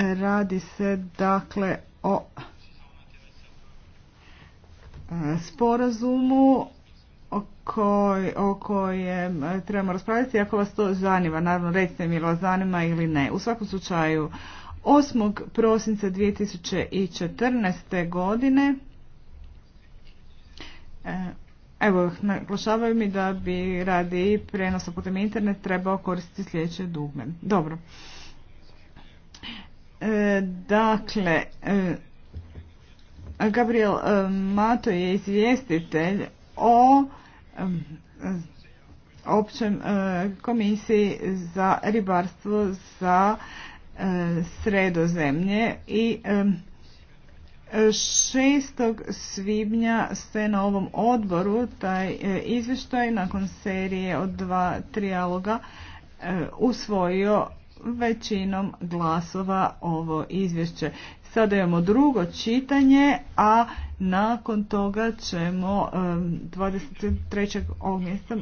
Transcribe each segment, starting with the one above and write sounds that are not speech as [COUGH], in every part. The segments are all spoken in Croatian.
Radi se dakle o e, sporazumu koj, o kojem trebamo raspraviti. Ako vas to zanima, naravno recite mi vas zanima ili ne. U svakom slučaju, 8. prosinca 2014. godine e, Evo, naglašavaju mi da bi radi prenosa putem internet trebao koristiti sljedeće dugme. Dobro. Dakle, e, Gabriel e, Mato je izvjestitelj o e, općem komisiji za ribarstvo za sredozemlje i 6. svibnja ste na ovom odboru taj izvještaj nakon serije od dva trijaloga usvojio većinom glasova ovo izvješće. Sada imamo drugo čitanje, a nakon toga ćemo 23. mjesta,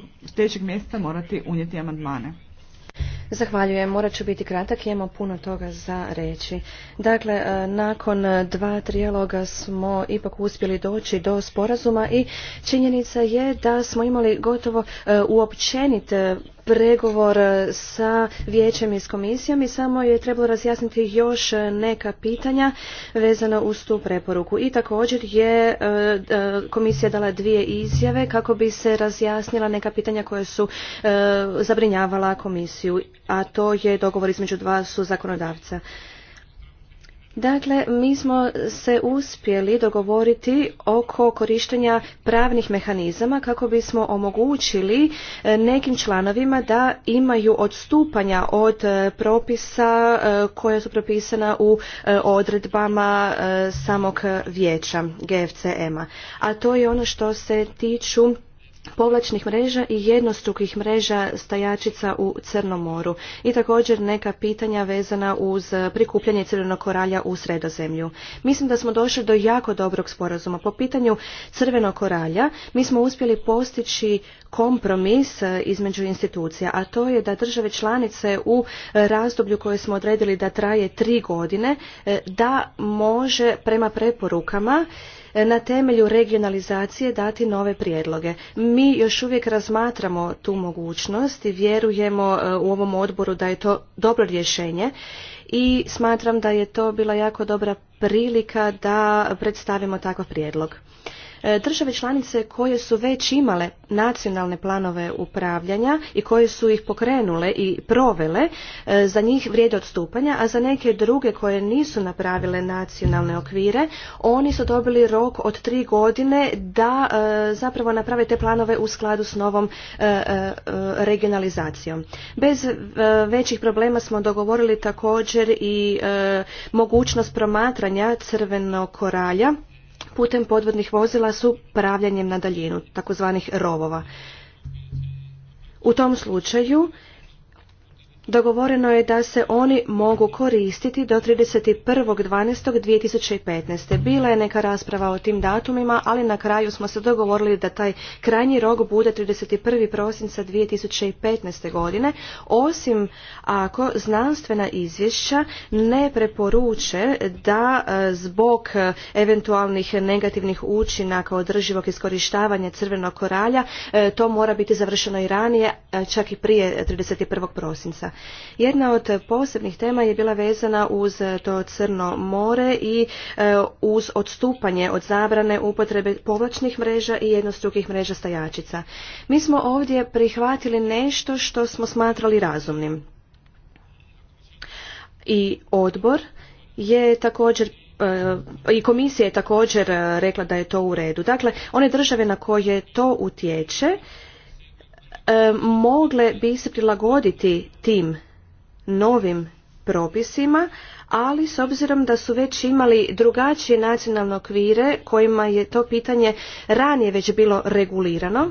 mjesta morati unijeti amandmane. Zahvaljujem, morat ću biti kratak, imamo puno toga za reći. Dakle, e, nakon dva trijaloga smo ipak uspjeli doći do sporazuma i činjenica je da smo imali gotovo e, uopćenit pregovor e, sa vijećem i s komisijom i samo je trebalo razjasniti još neka pitanja vezana uz tu preporuku. I također je e, e, komisija dala dvije izjave kako bi se razjasnila neka pitanja koje su zabrinjavala komisiju, a to je dogovor između dva su zakonodavca. Dakle, mi smo se uspjeli dogovoriti oko korištenja pravnih mehanizama kako bismo omogućili e, nekim članovima da imaju odstupanja od e, propisa e, koja su propisana u odredbama samog vijeća GFCM-a. A to je ono što se tiču povlačnih mreža i jednostrukih mreža stajačica u Crnom moru i također neka pitanja vezana uz prikupljanje crvenog koralja u sredozemlju. Mislim da smo došli do jako dobrog sporazuma. Po pitanju crvenog koralja mi smo uspjeli postići kompromis između institucija, a to je da države članice u razdoblju koje smo odredili da traje tri godine, da može prema preporukama E, na temelju regionalizacije dati nove prijedloge. Mi još uvijek razmatramo tu mogućnost i vjerujemo e, u ovom odboru da je to dobro rješenje i smatram da je to bila jako dobra prilika da predstavimo takav prijedlog. E, države članice koje su već imale nacionalne planove upravljanja i koje su ih pokrenule i provele, e, za njih vrijede odstupanja, a za neke druge koje nisu napravile nacionalne okvire, oni su dobili rok od tri godine da e, zapravo naprave te planove u skladu s novom regionalizacijom. Bez većih problema smo dogovorili također i mogućnost promatranja crvenog koralja putem podvodnih vozila su upravljanjem na daljinu, takozvanih rovova. U tom slučaju dogovoreno je da se oni mogu koristiti do 31.12.2015. Bila je neka rasprava o tim datumima, ali na kraju smo se dogovorili da taj krajnji rok bude 31. prosinca 2015. godine, osim ako znanstvena izvješća ne preporuče da e, zbog eventualnih negativnih učinaka održivog iskorištavanja crvenog koralja e, to mora biti završeno i ranije, e, čak i prije 31. prosinca. Jedna od posebnih tema je bila vezana uz to Crno more i e, uz odstupanje od zabrane upotrebe povlačnih mreža i jednostrukih mreža stajačica. Mi smo ovdje prihvatili nešto što smo smatrali razumnim. I odbor je također e, i komisija je također e, rekla da je to u redu. Dakle, one države na koje to utječe E, mogle bi se prilagoditi tim novim propisima, ali s obzirom da su već imali drugačije nacionalne okvire kojima je to pitanje ranije već bilo regulirano,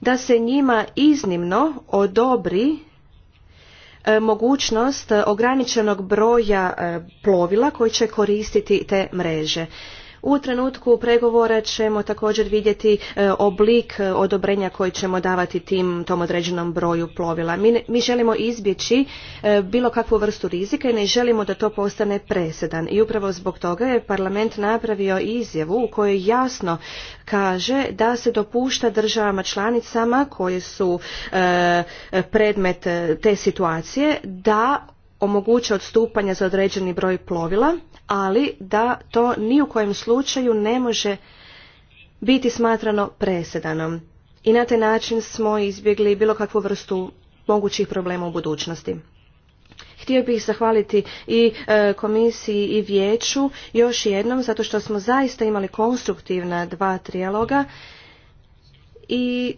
da se njima iznimno odobri e, mogućnost ograničenog broja e, plovila koji će koristiti te mreže. U trenutku pregovora ćemo također vidjeti e, oblik e, odobrenja koji ćemo davati tim tom određenom broju plovila. Mi, želimo izbjeći e, bilo kakvu vrstu rizika i ne želimo da to postane presedan. I upravo zbog toga je parlament napravio izjavu u kojoj jasno kaže da se dopušta državama članicama koje su predmet te situacije da omoguće odstupanja za određeni broj plovila ali da to ni u kojem slučaju ne može biti smatrano presedanom. I na taj način smo izbjegli bilo kakvu vrstu mogućih problema u budućnosti. Htio bih zahvaliti i e, komisiji i vijeću još jednom zato što smo zaista imali konstruktivna dva trijaloga i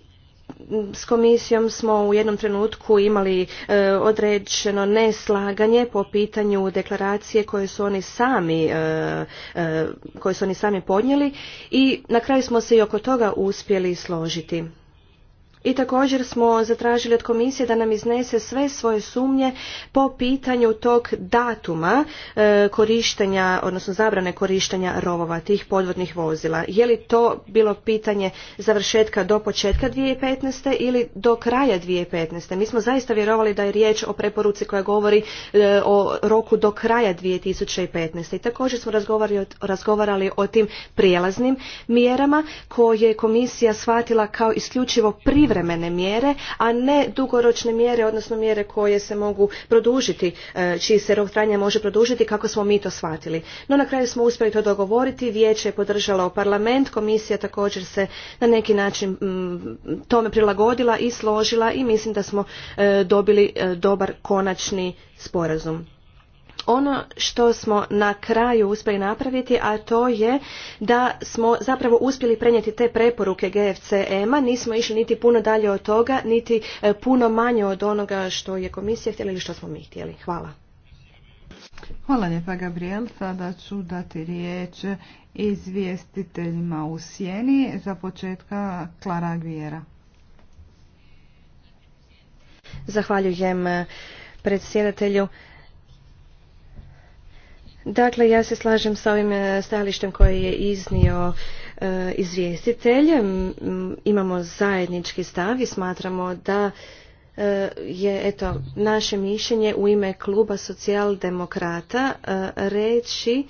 s komisijom smo u jednom trenutku imali e, određeno neslaganje po pitanju deklaracije koje su oni sami e, e, koje su oni sami podnijeli i na kraju smo se i oko toga uspjeli složiti i također smo zatražili od komisije da nam iznese sve svoje sumnje po pitanju tog datuma e, korištenja, odnosno zabrane korištenja rovova tih podvodnih vozila. Je li to bilo pitanje završetka do početka 2015. ili do kraja 2015. Mi smo zaista vjerovali da je riječ o preporuci koja govori e, o roku do kraja 2015. I također smo razgovarali, razgovarali o tim prijelaznim mjerama koje je komisija shvatila kao isključivo pri privremene mjere, a ne dugoročne mjere, odnosno mjere koje se mogu produžiti, e, čiji se rok trajanja može produžiti kako smo mi to shvatili. No na kraju smo uspjeli to dogovoriti, vijeće je podržalo parlament, komisija također se na neki način mm, tome prilagodila i složila i mislim da smo e, dobili e, dobar konačni sporazum ono što smo na kraju uspjeli napraviti, a to je da smo zapravo uspjeli prenijeti te preporuke GFCM-a, e nismo išli niti puno dalje od toga, niti e, puno manje od onoga što je komisija htjela ili što smo mi htjeli. Hvala. Hvala lijepa Gabriel. Sada ću dati riječ izvjestiteljima u sjeni. Za početka Klara Agvijera. Zahvaljujem e, predsjedatelju. Dakle, ja se slažem sa ovim e, stajalištem koje je iznio e, izvjestitelj. Imamo zajednički stav i smatramo da e, je eto naše mišljenje u ime kluba socijaldemokrata reći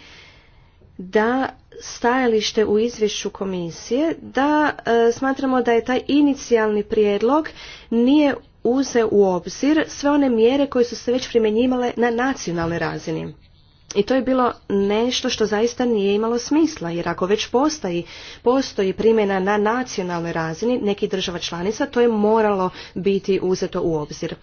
da stajalište u izvješću komisije da smatramo da je taj inicijalni prijedlog nije uze u obzir sve one mjere koje su se već primjenjivale na nacionalnoj razini i to je bilo nešto što zaista nije imalo smisla, jer ako već postoji, postoji primjena na nacionalnoj razini nekih država članica, to je moralo biti uzeto u obzir.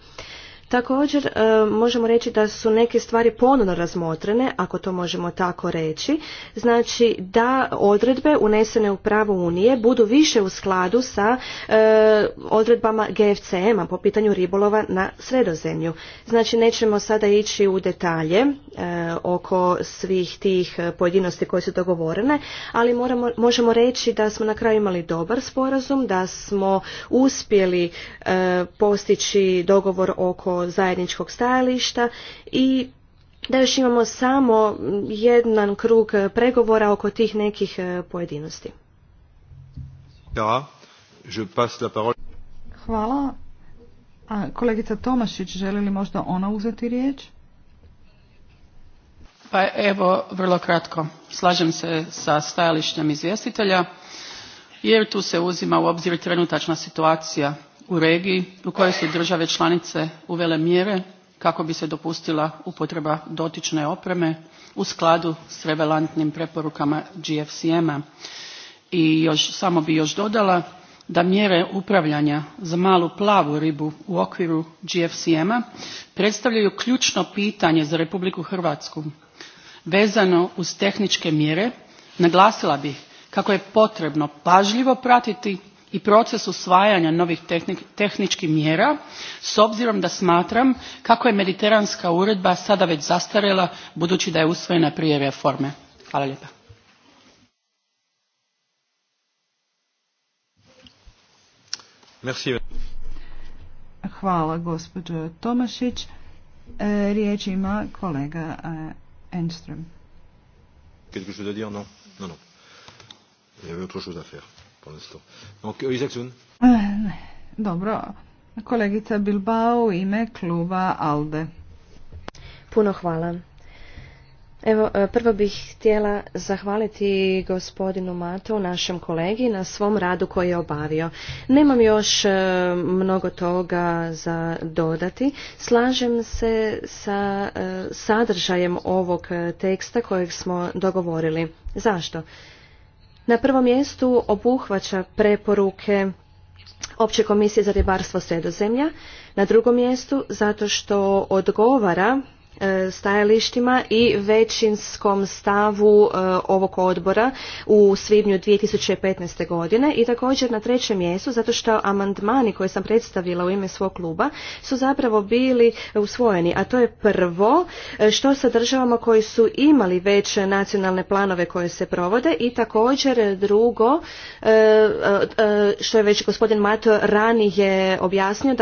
Također e, možemo reći da su neke stvari ponovno razmotrene, ako to možemo tako reći, znači da odredbe unesene u pravo Unije budu više u skladu sa e, odredbama GFCM-a po pitanju ribolova na sredozemlju. Znači nećemo sada ići u detalje e, oko svih tih pojedinosti koje su dogovorene, ali možemo reći da smo na kraju imali dobar sporazum, da smo uspjeli postići dogovor oko zajedničkog stajališta i da još imamo samo jedan krug pregovora oko tih nekih e, pojedinosti. Hvala. A kolegica Tomašić, želi li možda ona uzeti riječ? Pa evo, vrlo kratko. Slažem se sa stajalištem izvjestitelja, jer tu se uzima u obzir trenutačna situacija u regiji u kojoj su države članice uvele mjere kako bi se dopustila upotreba dotične opreme u skladu s relevantnim preporukama gfcm a i još, samo bih još dodala da mjere upravljanja za malu plavu ribu u okviru gfcm a predstavljaju ključno pitanje za republiku hrvatsku vezano uz tehničke mjere naglasila bih kako je potrebno pažljivo pratiti i proces usvajanja novih tehničkih mjera s obzirom da smatram kako je mediteranska uredba sada već zastarjela budući da je usvojena prije reforme. Hvala lijepa. Hvala gospođo Tomašić. E, riječ ima kolega e, Enström. Quelque chose à dire? Non, non, non. Il y avait autre chose à faire. E, Dobro. Kolegica Bilbao ime kluba ALDE. Puno hvala. Evo, e, prvo bih htjela zahvaliti gospodinu Mato, našem kolegi, na svom radu koji je obavio. Nemam još e, mnogo toga za dodati. Slažem se sa sadržajem ovog teksta kojeg smo dogovorili. Zašto? Na prvom mjestu obuhvaća preporuke Opće komisije za ribarstvo sredozemlja, na drugom mjestu zato što odgovara E, stajalištima i većinskom stavu e, ovog odbora u svibnju 2015. godine i također na trećem mjestu zato što amandmani koje sam predstavila u ime svog kluba su zapravo bili usvojeni a to je prvo e, što sa državama koji su imali već nacionalne planove koje se provode i također drugo što je već gospodin Mato ranije objasnio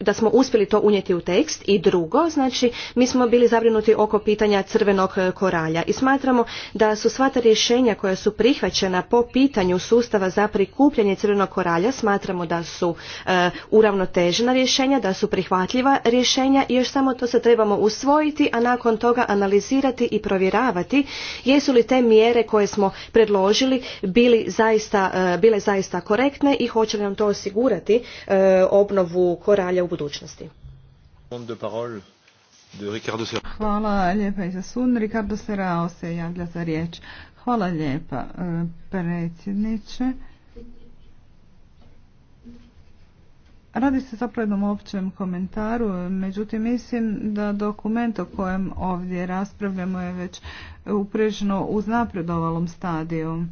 da smo uspjeli to unijeti u tekst i drugo znači mi smo smo bili zabrinuti oko pitanja crvenog e, koralja i smatramo da su sva ta rješenja koja su prihvaćena po pitanju sustava za prikupljanje crvenog koralja smatramo da su e, uravnotežena rješenja, da su prihvatljiva rješenja i još samo to se trebamo usvojiti, a nakon toga analizirati i provjeravati jesu li te mjere koje smo predložili e, bile zaista korektne i hoće li nam to osigurati obnovu koralja u budućnosti. Hvala lijepa i za sun. Ricardo Serao se javlja za riječ. Hvala lijepa e, predsjedniče. Radi se zapravo jednom općem komentaru, međutim mislim da dokument o kojem ovdje raspravljamo je već uprežno uznapredovalom napredovalom stadiju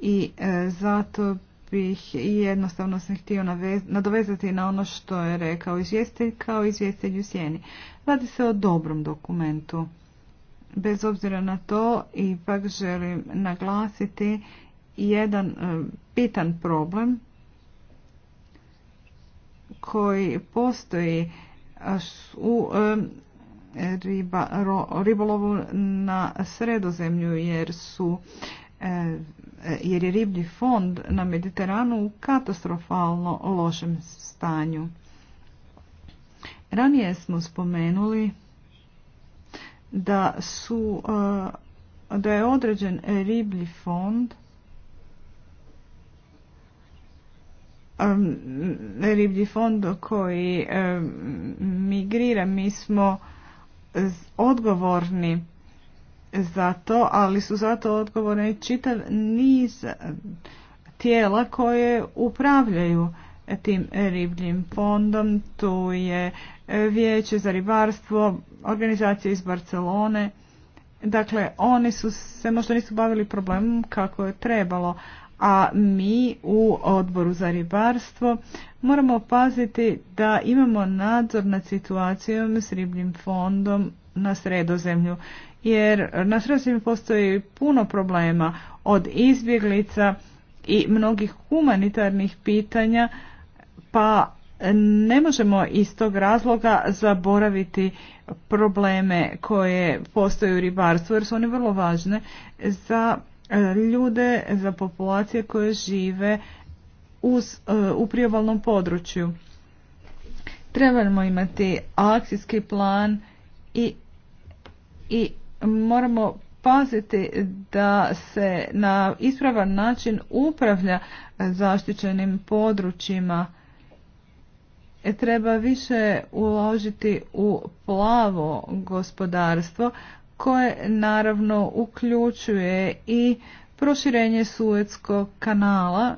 i e, zato bih i jednostavno sam htio nadovezati na ono što je rekao izvjestitelj kao izvjestelj u sjeni. Radi se o dobrom dokumentu. Bez obzira na to, ipak želim naglasiti jedan pitan e, problem koji postoji u e, ribolovu na sredozemlju jer su e, E, jer je riblji fond na Mediteranu u katastrofalno lošem stanju. Ranije smo spomenuli da su e, da je određen riblji fond riblji fond koji migrira mi smo odgovorni za to, ali su zato odgovorni čitav niz tijela koje upravljaju tim ribljim fondom. Tu je Vijeće za ribarstvo, organizacija iz Barcelone. Dakle, oni su se možda nisu bavili problemom kako je trebalo, a mi u odboru za ribarstvo moramo paziti da imamo nadzor nad situacijom s ribljim fondom na sredozemlju jer na sredstvima postoji puno problema od izbjeglica i mnogih humanitarnih pitanja pa ne možemo iz tog razloga zaboraviti probleme koje postoje u ribarstvu jer su oni vrlo važne za e, ljude, za populacije koje žive e, u priobalnom području. Trebamo imati akcijski plan i, i moramo paziti da se na ispravan način upravlja zaštićenim područjima. E, treba više uložiti u plavo gospodarstvo koje naravno uključuje i proširenje Suetskog kanala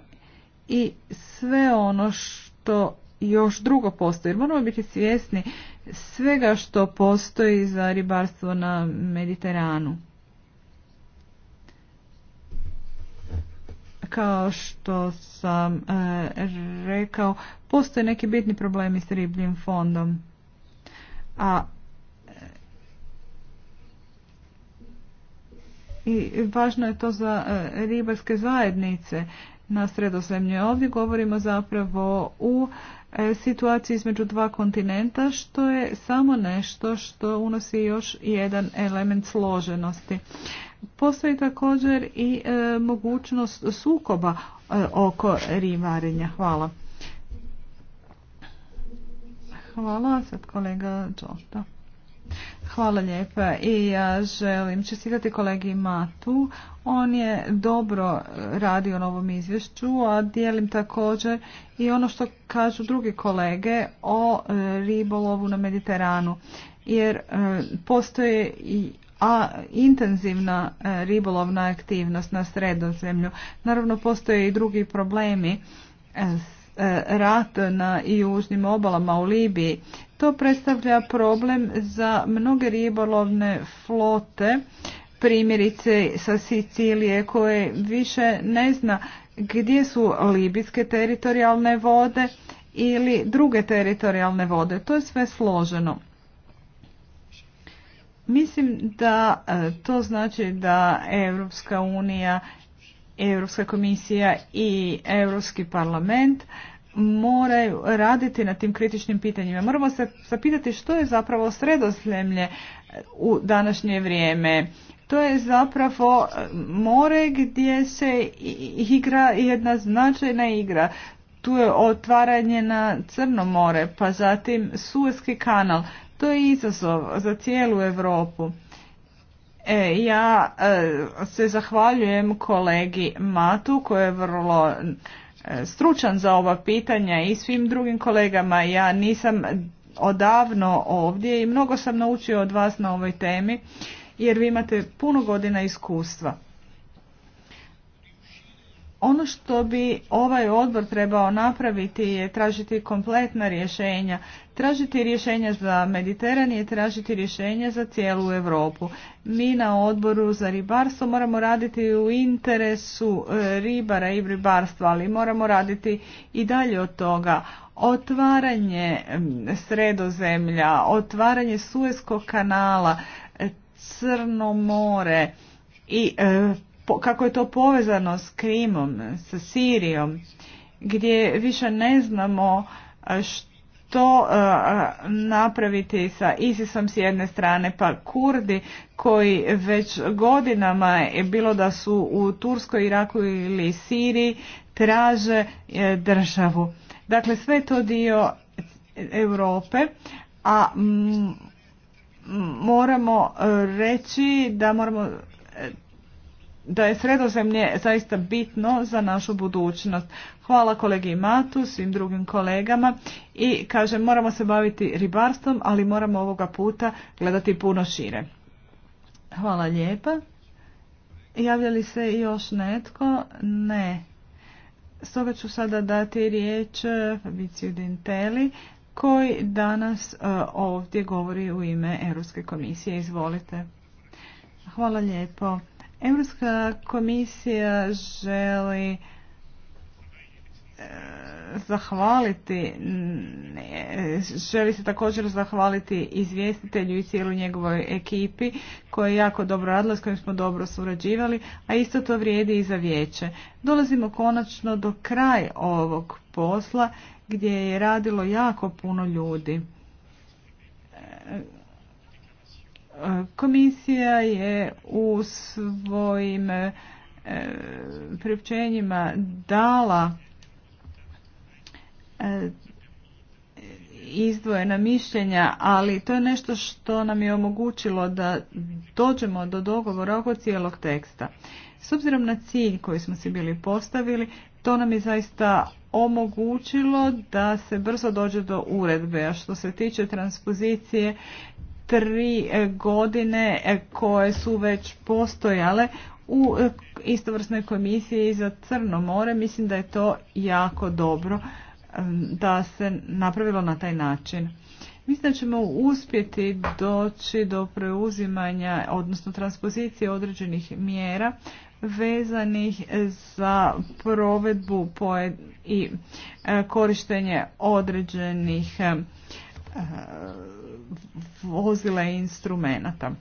i sve ono što još drugo postoji. moramo biti svjesni svega što postoji za ribarstvo na Mediteranu. Kao što sam e, rekao, postoje neki bitni problemi s ribljim fondom. A e, i važno je to za e, ribarske zajednice na sredozemlju. Ovdje govorimo zapravo u E, situacije između dva kontinenta, što je samo nešto što unosi još jedan element složenosti. Postoji također i e, mogućnost sukoba e, oko rimarenja. Hvala. Hvala, sad kolega Čošta. Hvala lijepa i ja želim čestitati kolegi Matu. On je dobro radio na ovom izvješću, a dijelim također i ono što kažu drugi kolege o e, ribolovu na Mediteranu. Jer e, postoje i a intenzivna e, ribolovna aktivnost na sredozemlju. Naravno postoje i drugi problemi E, rat na južnim obalama u Libiji. To predstavlja problem za mnoge ribolovne flote, primjerice sa Sicilije koje više ne zna gdje su libijske teritorijalne vode ili druge teritorijalne vode. To je sve složeno. Mislim da e, to znači da Europska unija Europska komisija i Europski parlament moraju raditi na tim kritičnim pitanjima. Moramo se zapitati što je zapravo sredozemlje u današnje vrijeme. To je zapravo more gdje se igra jedna značajna igra. Tu je otvaranje na Crno more, pa zatim Suezki kanal. To je izazov za cijelu Europu. E, ja e, se zahvaljujem kolegi Matu koji je vrlo e, stručan za ova pitanja i svim drugim kolegama. Ja nisam odavno ovdje i mnogo sam naučio od vas na ovoj temi jer vi imate puno godina iskustva. Ono što bi ovaj odbor trebao napraviti je tražiti kompletna rješenja, tražiti rješenja za Mediteran je tražiti rješenja za cijelu Europu. Mi na odboru za ribarstvo moramo raditi u interesu e, ribara i ribarstva, ali moramo raditi i dalje od toga. Otvaranje sredozemlja, otvaranje Sueskog kanala, e, Crno more i e, kako je to povezano s Krimom, sa Sirijom, gdje više ne znamo što napraviti sa ISISom s jedne strane, pa Kurdi koji već godinama je bilo da su u Turskoj, Iraku ili Siriji traže e, državu. Dakle, sve to dio Europe, a moramo e, reći da moramo e, da je sredozemlje zaista bitno za našu budućnost. Hvala kolegi Matu, svim drugim kolegama i kažem moramo se baviti ribarstvom, ali moramo ovoga puta gledati puno šire. Hvala lijepa. Javlja se još netko? Ne. Stoga ću sada dati riječ eh, Fabiciju Dinteli koji danas eh, ovdje govori u ime Europske komisije. Izvolite. Hvala lijepo. Europska komisija želi e, zahvaliti, želi se također zahvaliti izvjestitelju i cijelu njegovoj ekipi koja je jako dobro radila, s kojim smo dobro surađivali, a isto to vrijedi i za vijeće. Dolazimo konačno do kraja ovog posla gdje je radilo jako puno ljudi e, Komisija je u svojim e, priopćenjima dala e, izdvojena mišljenja, ali to je nešto što nam je omogućilo da dođemo do dogovora oko cijelog teksta. S obzirom na cilj koji smo si bili postavili, to nam je zaista omogućilo da se brzo dođe do uredbe. A što se tiče transpozicije, tri e, godine e, koje su već postojale u e, istovrsnoj komisiji za Crno more. Mislim da je to jako dobro da se napravilo na taj način. Mislim da ćemo uspjeti doći do preuzimanja, odnosno transpozicije određenih mjera vezanih za provedbu i korištenje određenih Eh, vozila i instrumenata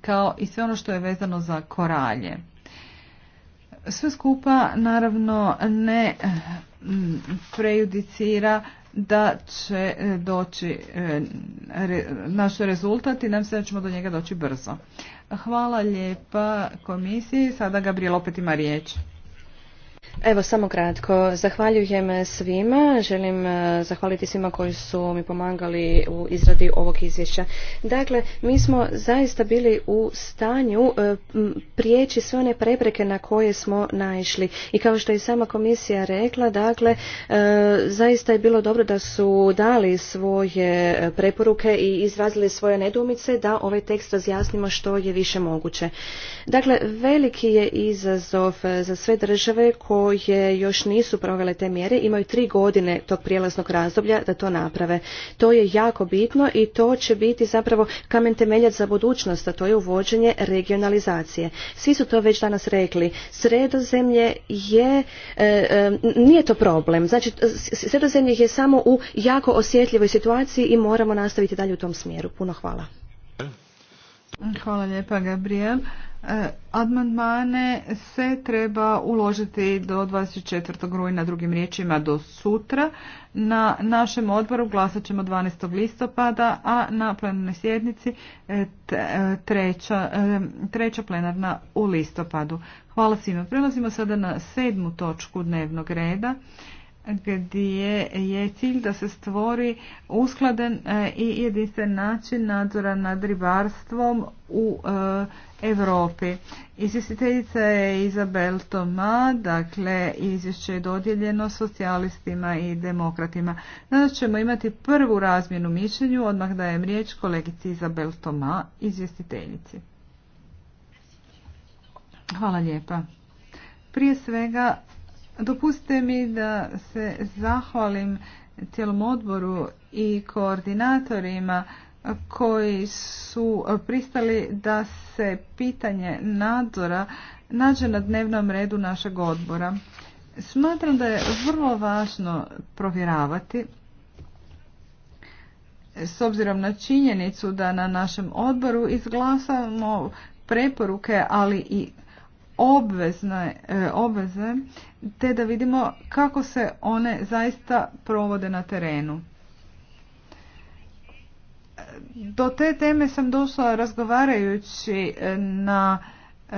kao i sve ono što je vezano za koralje. Sve skupa naravno ne mm, prejudicira da će eh, doći eh, naš rezultat i nam se da ćemo do njega doći brzo. Hvala lijepa komisiji. Sada Gabriel opet ima riječ. Evo, samo kratko. Zahvaljujem svima. Želim e, zahvaliti svima koji su mi pomagali u izradi ovog izvješća. Dakle, mi smo zaista bili u stanju e, prijeći sve one prepreke na koje smo naišli. I kao što je sama komisija rekla, dakle, e, zaista je bilo dobro da su dali svoje preporuke i izrazili svoje nedumice da ovaj tekst razjasnimo što je više moguće. Dakle, veliki je izazov za sve države koje koje još nisu provele te mjere imaju tri godine tog prijelaznog razdoblja da to naprave. To je jako bitno i to će biti zapravo kamen temeljac za budućnost, a to je uvođenje regionalizacije. Svi su to već danas rekli. Sredozemlje je, e, e, nije to problem. Znači, sredozemlje je samo u jako osjetljivoj situaciji i moramo nastaviti dalje u tom smjeru. Puno hvala. Hvala lijepa, Gabriel. E, amandmane se treba uložiti do 24. rujna, drugim riječima do sutra. Na našem odboru glasat ćemo 12. listopada, a na plenarnoj sjednici e, e, treća, treća plenarna u listopadu. Hvala svima. Prelazimo sada na sedmu točku dnevnog reda gdje je cilj da se stvori uskladen e, i jedinstven način nadzora nad ribarstvom u e, Europi. Izvjestiteljica je Izabel Toma, dakle izvješće je dodijeljeno socijalistima i demokratima. Znači ćemo imati prvu razmjenu mišljenju, odmah dajem riječ kolegici Izabel Toma, izvjestiteljici. Hvala lijepa. Prije svega Dopustite mi da se zahvalim cijelom odboru i koordinatorima koji su pristali da se pitanje nadzora nađe na dnevnom redu našeg odbora. Smatram da je vrlo važno provjeravati s obzirom na činjenicu da na našem odboru izglasamo preporuke, ali i obvezne, e, obveze te da vidimo kako se one zaista provode na terenu. Do te teme sam došla razgovarajući e, na e,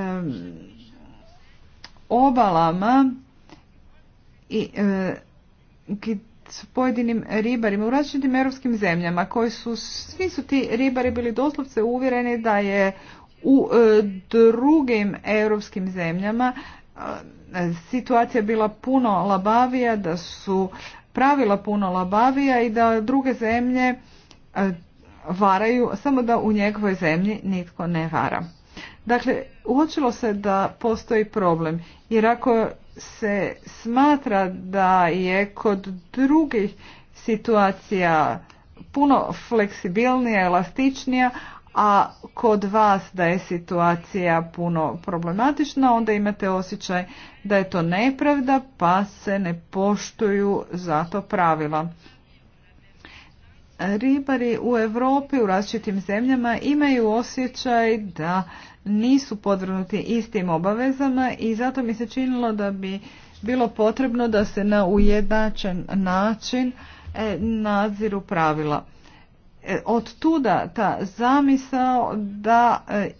obalama i s pojedinim ribarima u različitim europskim zemljama koji su, svi su ti ribari bili doslovce uvjereni da je u e, drugim europskim zemljama e, situacija je bila puno labavija, da su pravila puno labavija i da druge zemlje e, varaju, samo da u njegovoj zemlji nitko ne vara. Dakle, uočilo se da postoji problem, jer ako se smatra da je kod drugih situacija puno fleksibilnija, elastičnija, a kod vas da je situacija puno problematična, onda imate osjećaj da je to nepravda pa se ne poštuju zato pravila. Ribari u Europi u različitim zemljama imaju osjećaj da nisu podvrnuti istim obavezama i zato mi se činilo da bi bilo potrebno da se na ujednačen način e, nadziru pravila. E, od tuda ta zamisao da e,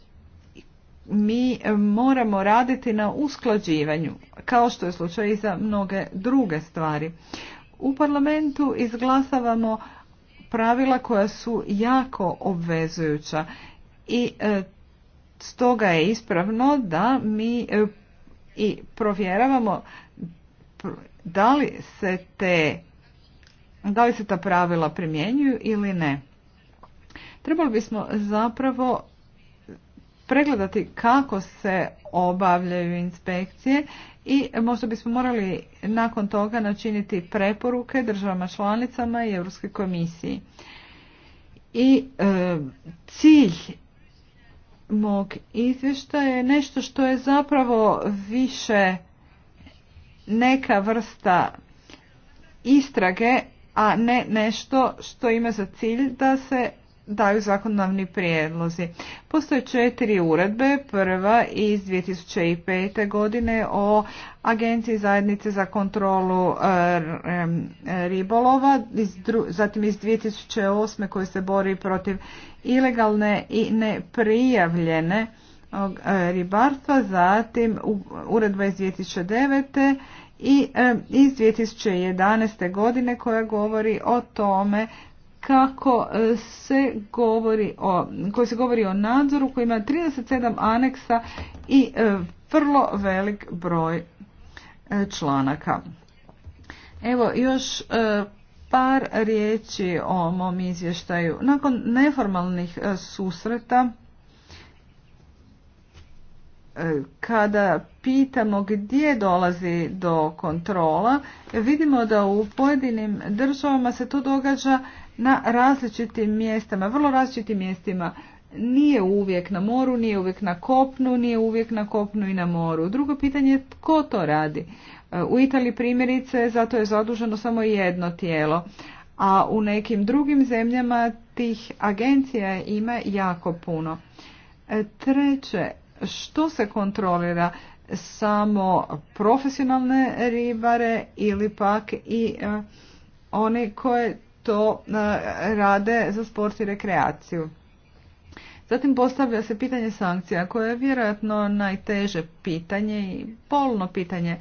mi moramo raditi na usklađivanju, kao što je slučaj i za mnoge druge stvari. U parlamentu izglasavamo pravila koja su jako obvezujuća i e, stoga je ispravno da mi i provjeravamo da li se te da li se ta pravila primjenjuju ili ne. Trebali bismo zapravo pregledati kako se obavljaju inspekcije i možda bismo morali nakon toga načiniti preporuke državama članicama i Europskoj komisiji. I e, cilj mog izvještaja je nešto što je zapravo više neka vrsta istrage, a ne nešto što ima za cilj da se daju zakonodavni prijedlozi. Postoje četiri uredbe. Prva iz 2005. godine o Agenciji zajednice za kontrolu e, ribolova, zatim iz 2008. koji se bori protiv ilegalne i neprijavljene e, ribarstva, zatim uredba iz 2009. i e, iz 2011. godine koja govori o tome kako e, se govori o, koji se govori o nadzoru koji ima 37 aneksa i e, vrlo velik broj e, članaka. Evo još par riječi o mom izvještaju. Nakon neformalnih susreta kada pitamo gdje dolazi do kontrola, vidimo da u pojedinim državama se to događa na različitim mjestama, vrlo različitim mjestima. Nije uvijek na moru, nije uvijek na kopnu, nije uvijek na kopnu i na moru. Drugo pitanje je tko to radi. E, u Italiji primjerice zato je zaduženo samo jedno tijelo, a u nekim drugim zemljama tih agencija ima jako puno. E, treće, što se kontrolira? Samo profesionalne ribare ili pak i e, one koje to e, rade za sport i rekreaciju. Zatim postavlja se pitanje sankcija koje je vjerojatno najteže pitanje i polno pitanje.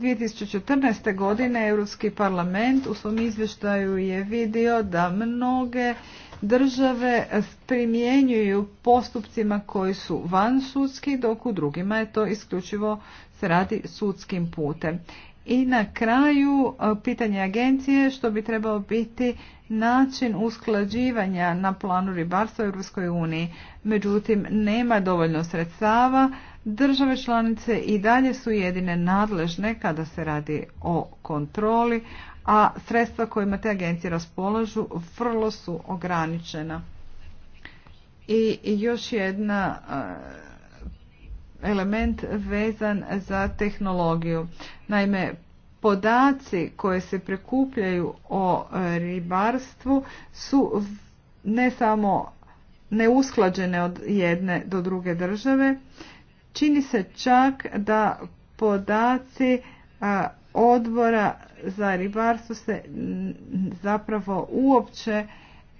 2014. godine Europski parlament u svom izvještaju je vidio da mnoge države primjenjuju postupcima koji su van sudski, dok u drugima je to isključivo se radi sudskim putem. I na kraju e, pitanje agencije što bi trebao biti način usklađivanja na planu ribarstva u Europskoj Međutim, nema dovoljno sredstava. Države članice i dalje su jedine nadležne kada se radi o kontroli, a sredstva kojima te agencije raspolažu vrlo su ograničena. I još jedna e, element vezan za tehnologiju. Naime, podaci koje se prekupljaju o e, ribarstvu su ne samo neusklađene od jedne do druge države, čini se čak da podaci e, odbora za ribarstvo se zapravo uopće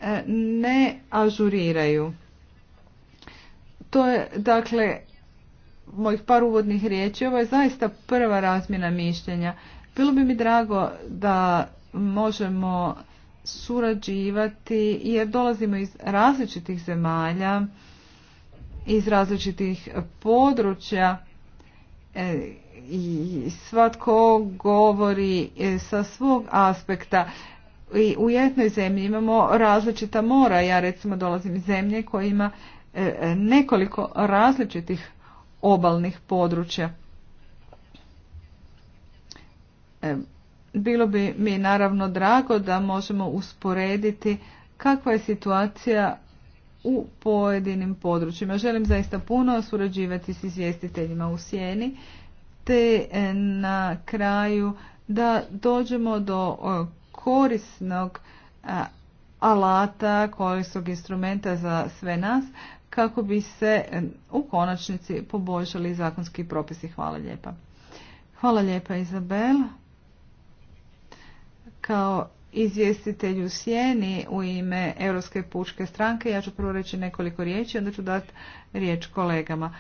e, ne ažuriraju. To je dakle mojih par uvodnih riječi. Ovo je zaista prva razmjena mišljenja. Bilo bi mi drago da možemo surađivati jer dolazimo iz različitih zemalja, iz različitih područja e, i svatko govori e, sa svog aspekta. I u jednoj zemlji imamo različita mora. Ja recimo dolazim iz zemlje koja ima e, nekoliko različitih obalnih područja. E, bilo bi mi naravno drago da možemo usporediti kakva je situacija u pojedinim područjima. Želim zaista puno surađivati s izvjestiteljima u sjeni te e, na kraju da dođemo do e, korisnog alata, korisnog instrumenta za sve nas, kako bi se u konačnici poboljšali zakonski propisi. Hvala lijepa. Hvala lijepa Izabel. Kao izvjestitelju Sjeni u ime Europske pučke stranke. Ja ću prvo reći nekoliko riječi, onda ću dati riječ kolegama.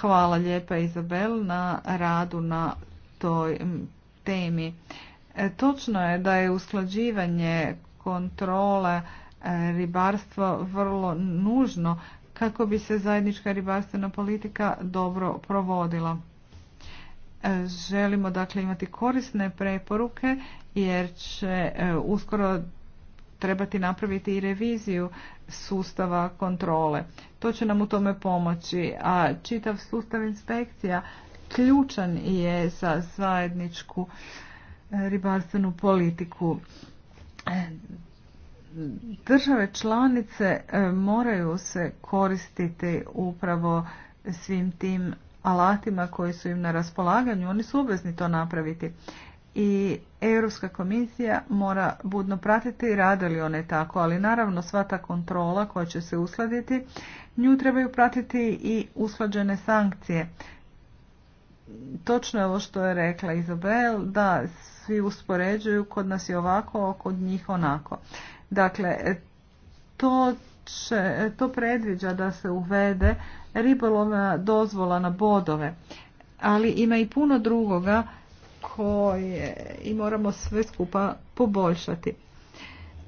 Hvala lijepa Izabel na radu na toj temi. E, točno je da je usklađivanje kontrole e, ribarstva vrlo nužno kako bi se zajednička ribarstvena politika dobro provodila. E, želimo dakle imati korisne preporuke jer će e, uskoro trebati napraviti i reviziju sustava kontrole. To će nam u tome pomoći, a čitav sustav inspekcija ključan je za zajedničku ribarstvenu politiku. E, države članice e, moraju se koristiti upravo svim tim alatima koji su im na raspolaganju. Oni su obvezni to napraviti. I Europska komisija mora budno pratiti rade li one tako, ali naravno sva ta kontrola koja će se uskladiti, nju trebaju pratiti i usklađene sankcije. Točno je ovo što je rekla Izabel, da svi uspoređuju, kod nas je ovako, kod njih onako. Dakle, to, to predviđa da se uvede ribolovna dozvola na bodove, ali ima i puno drugoga koje i moramo sve skupa poboljšati.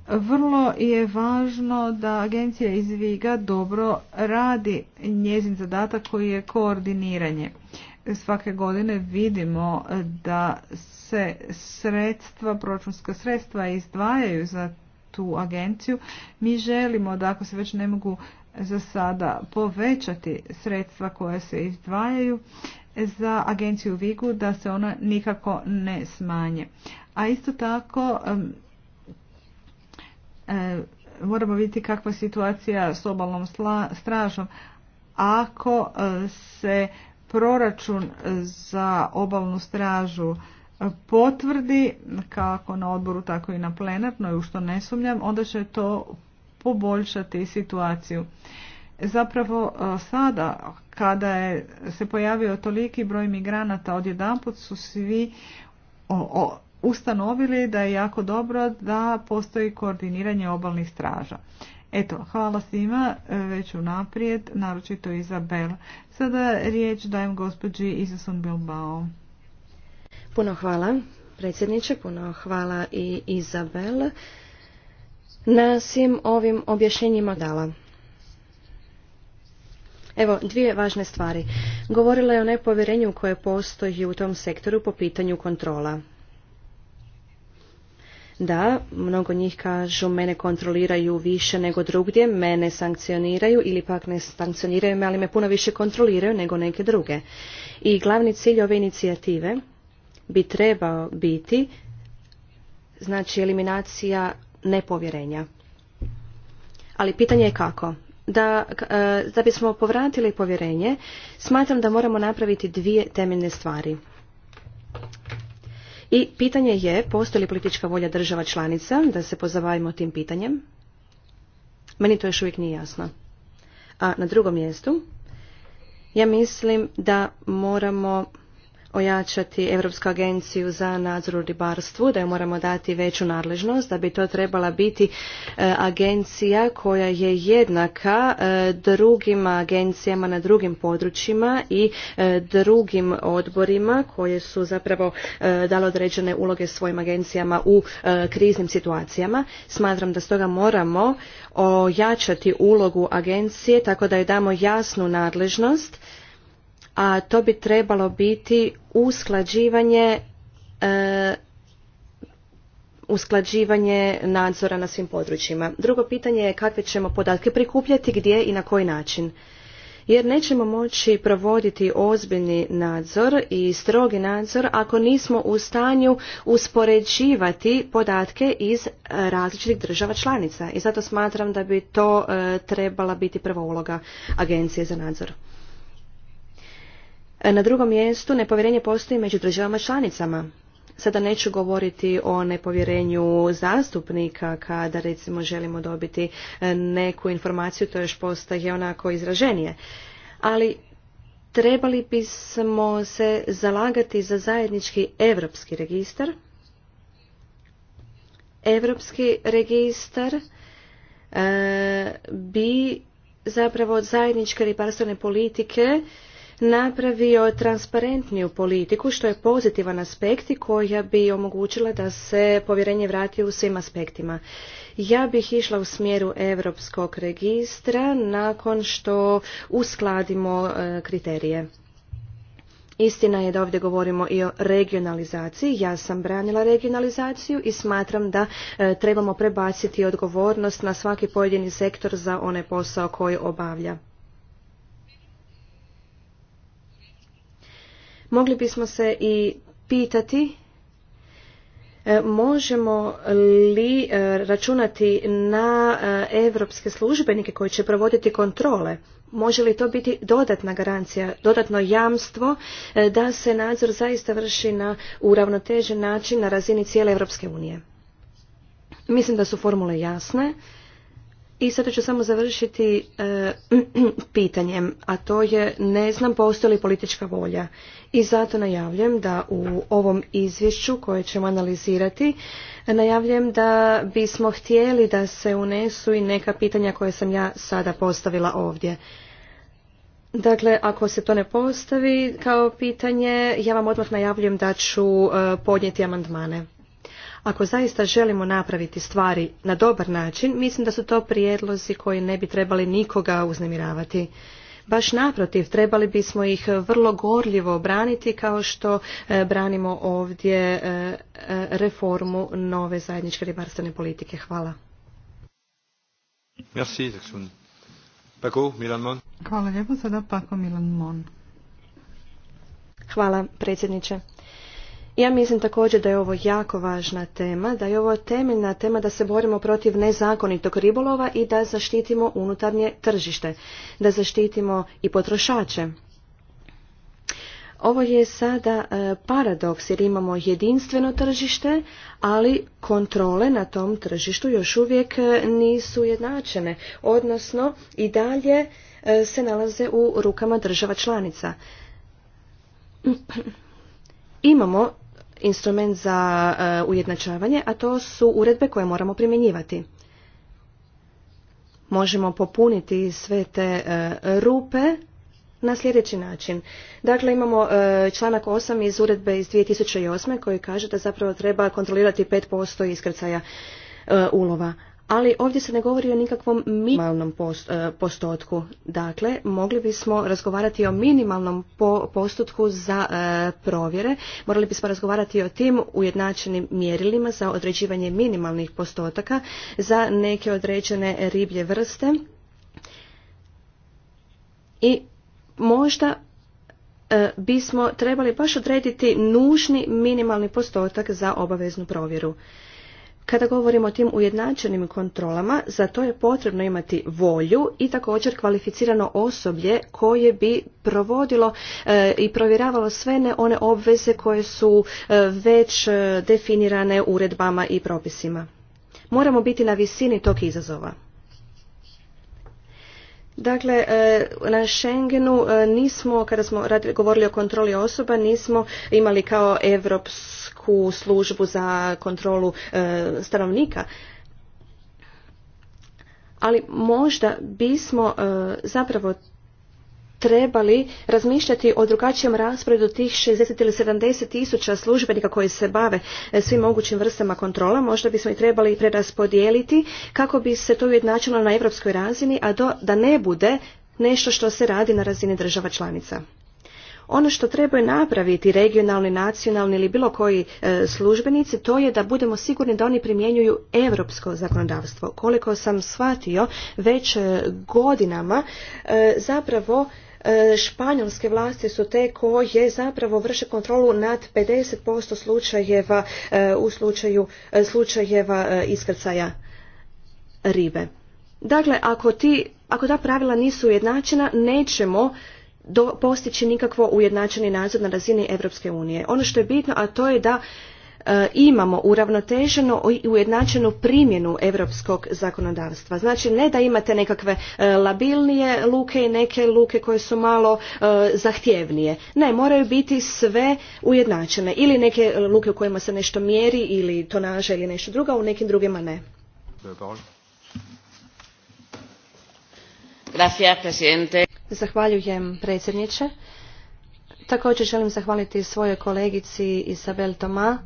Vrlo je važno da agencija izviga dobro radi njezin zadatak koji je koordiniranje. Svake godine vidimo da se sredstva, proračunska sredstva izdvajaju za tu agenciju. Mi želimo da ako se već ne mogu za sada povećati sredstva koja se izdvajaju za agenciju Vigu da se ona nikako ne smanje. A isto tako e, moramo vidjeti kakva je situacija s obalnom stražom. Ako e, se proračun za obalnu stražu potvrdi, kako na odboru, tako i na plenarnoj, u što ne sumnjam, onda će to poboljšati situaciju. Zapravo e, sada, kada je se pojavio toliki broj migranata, odjedanput su svi ustanovili da je jako dobro da postoji koordiniranje obalnih straža. Eto, hvala svima e, već unaprijed, naročito Izabel. Sada riječ dajem gospođi Izason Bilbao. Puno hvala predsjedniče, puno hvala i Izabel na svim ovim objašnjenjima dala. Evo, dvije važne stvari. Govorila je o nepovjerenju koje postoji u tom sektoru po pitanju kontrola. Da, mnogo njih kažu mene kontroliraju više nego drugdje, mene sankcioniraju ili pak ne sankcioniraju me, ali me puno više kontroliraju nego neke druge. I glavni cilj ove inicijative bi trebao biti znači eliminacija nepovjerenja. Ali pitanje je kako. Da, e, da bismo povratili povjerenje, smatram da moramo napraviti dvije temeljne stvari. I pitanje je, postoji li politička volja država članica da se pozabavimo tim pitanjem? Meni to još uvijek nije jasno. A na drugom mjestu, ja mislim da moramo ojačati Europsku agenciju za nadzor u ribarstvu, da joj moramo dati veću nadležnost, da bi to trebala biti e, agencija koja je jednaka e, drugim agencijama na drugim područjima i e, drugim odborima koje su zapravo dale određene uloge svojim agencijama u kriznim situacijama. Smatram da stoga moramo ojačati ulogu agencije tako da joj damo jasnu nadležnost a to bi trebalo biti usklađivanje e, usklađivanje nadzora na svim područjima. Drugo pitanje je kakve ćemo podatke prikupljati, gdje i na koji način. Jer nećemo moći provoditi ozbiljni nadzor i strogi nadzor ako nismo u stanju uspoređivati podatke iz e, različitih država članica. I zato smatram da bi to e, trebala biti prva uloga Agencije za nadzor. Na drugom mjestu nepovjerenje postoji među državama članicama. Sada neću govoriti o nepovjerenju zastupnika kada recimo želimo dobiti e, neku informaciju, to još postaje onako izraženije. Ali trebali bismo se zalagati za zajednički europski registar. Europski registar e, bi zapravo zajedničke ribarstvene politike napravio transparentniju politiku što je pozitivan aspekt i koja bi omogućila da se povjerenje vrati u svim aspektima. Ja bih išla u smjeru europskog registra nakon što uskladimo e, kriterije. Istina je da ovdje govorimo i o regionalizaciji. Ja sam branila regionalizaciju i smatram da e, trebamo prebaciti odgovornost na svaki pojedini sektor za onaj posao koji obavlja. Mogli bismo se i pitati e, možemo li e, računati na europske službenike koji će provoditi kontrole? Može li to biti dodatna garancija, dodatno jamstvo e, da se nadzor zaista vrši na uravnotežen način na razini cijele Europske unije? Mislim da su formule jasne i sada ću samo završiti eh, [CLEARS THROAT] pitanjem, a to je ne znam postoji li politička volja. I zato najavljam da u ovom izvješću koje ćemo analizirati, najavljam da bismo htjeli da se unesu i neka pitanja koje sam ja sada postavila ovdje. Dakle, ako se to ne postavi kao pitanje, ja vam odmah najavljujem da ću eh, podnijeti amandmane. Ako zaista želimo napraviti stvari na dobar način, mislim da su to prijedlozi koji ne bi trebali nikoga uznemiravati. Baš naprotiv, trebali bismo ih vrlo gorljivo braniti kao što e, branimo ovdje e, e, reformu nove zajedničke ribarstvene politike. Hvala. Merci, Paco, Milan Mon. lijepo, sada Paco Milan Mon. Hvala predsjedniče. Ja mislim također da je ovo jako važna tema, da je ovo temeljna tema da se borimo protiv nezakonitog ribolova i da zaštitimo unutarnje tržište, da zaštitimo i potrošače. Ovo je sada e, paradoks jer imamo jedinstveno tržište, ali kontrole na tom tržištu još uvijek e, nisu jednačene, odnosno i dalje e, se nalaze u rukama država članica. [CLEARS THROAT] Imamo instrument za e, ujednačavanje, a to su uredbe koje moramo primjenjivati. Možemo popuniti sve te e, rupe na sljedeći način. Dakle, imamo e, članak 8 iz uredbe iz 2008. koji kaže da zapravo treba kontrolirati 5% iskrcaja ulova ali ovdje se ne govori o nikakvom minimalnom e, postotku. Dakle, mogli bismo razgovarati o minimalnom postotku za e, provjere, morali bismo razgovarati o tim ujednačenim mjerilima za određivanje minimalnih postotaka za neke određene riblje vrste i možda e, bismo trebali baš odrediti nužni minimalni postotak za obaveznu provjeru. Kada govorimo o tim ujednačenim kontrolama, za to je potrebno imati volju i također kvalificirano osoblje koje bi provodilo e, i provjeravalo sve ne one obveze koje su e, već e, definirane uredbama i propisima. Moramo biti na visini tog izazova. Dakle, e, na Schengenu e, nismo, kada smo govorili o kontroli osoba, nismo imali kao Europsku službu za kontrolu e, stanovnika. Ali možda bismo zapravo trebali razmišljati o drugačijem rasporedu tih 60 ili 70 tisuća službenika koji se bave e, svim mogućim vrstama kontrola. Možda bismo i trebali preraspodijeliti kako bi se to ujednačilo na europskoj razini, a da ne bude nešto što se radi na razini država članica. Ono što trebaju napraviti regionalni, nacionalni ili bilo koji e, službenici, to je da budemo sigurni da oni primjenjuju europsko zakonodavstvo. Koliko sam shvatio, već e, godinama zapravo E, španjolske vlasti su te koje zapravo vrše kontrolu nad 50% slučajeva e, u slučaju e, slučajeva iskrcaja ribe. Dakle, ako, ti, ako ta pravila nisu ujednačena, nećemo do, postići nikakvo ujednačeni nadzor na razini Europske unije. Ono što je bitno, a to je da E, imamo uravnoteženo i ujednačenu primjenu europskog zakonodavstva. Znači ne da imate nekakve e, labilnije luke i neke luke koje su malo e, zahtjevnije. Ne, moraju biti sve ujednačene. Ili neke luke u kojima se nešto mjeri ili to ili nešto drugo, a u nekim drugima ne. Zahvaljujem predsjedniče. Također želim zahvaliti svojoj kolegici Isabel Toma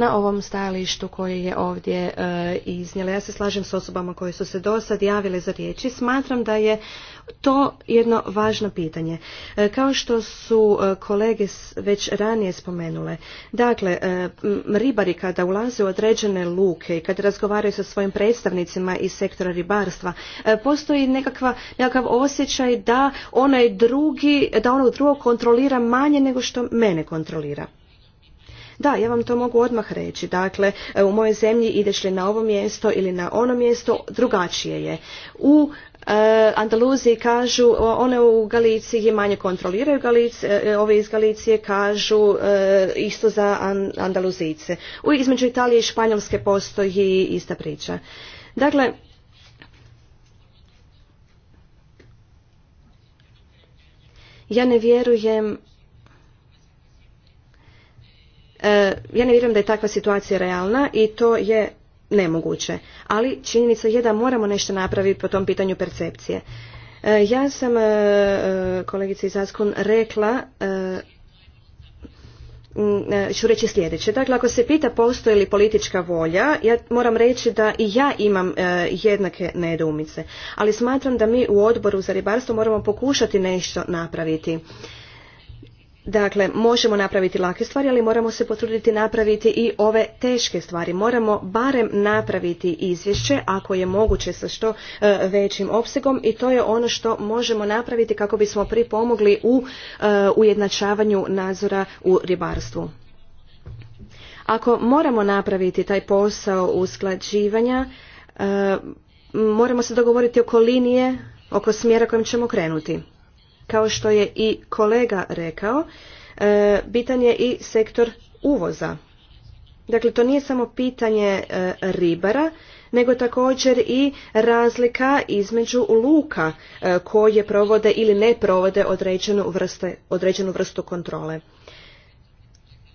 na ovom stajalištu koje je ovdje e, iznijela. Ja se slažem s osobama koje su se do sad javile za riječi. Smatram da je to jedno važno pitanje. E, kao što su e, kolege već ranije spomenule, dakle, ribari kada ulaze u određene luke i kada razgovaraju sa svojim predstavnicima iz sektora ribarstva, postoji nekakav osjećaj da onaj drugi, da onog drugog kontrolira manje nego što mene kontrolira. Da, ja vam to mogu odmah reći. Dakle, e, u mojoj zemlji ideš li na ovo mjesto ili na ono mjesto, drugačije je. U e, Andaluziji kažu, one u Galiciji manje kontroliraju e, ove iz Galicije kažu isto za Andaluzice. U između Italije i Španjolske postoji ista priča. Dakle, ja ne vjerujem E, ja ne vjerujem da je takva situacija realna i to je nemoguće. Ali činjenica je da moramo nešto napraviti po tom pitanju percepcije. E, ja sam e, kolegice zakon rekla ću reći sljedeće. Dakle, ako se pita postoji li politička volja, ja moram reći da i ja imam jednake nedoumice. Ali smatram da mi u odboru za ribarstvo moramo pokušati nešto napraviti. Dakle, možemo napraviti lake stvari, ali moramo se potruditi napraviti i ove teške stvari. Moramo barem napraviti izvješće, ako je moguće sa što e, većim opsegom i to je ono što možemo napraviti kako bismo pripomogli u e, ujednačavanju nadzora u ribarstvu. Ako moramo napraviti taj posao usklađivanja, e, moramo se dogovoriti oko linije, oko smjera kojim ćemo krenuti. Kao što je i kolega rekao, e, bitan je i sektor uvoza. Dakle, to nije samo pitanje e, ribara, nego također i razlika između luka e, koje provode ili ne provode određenu, određenu vrstu kontrole.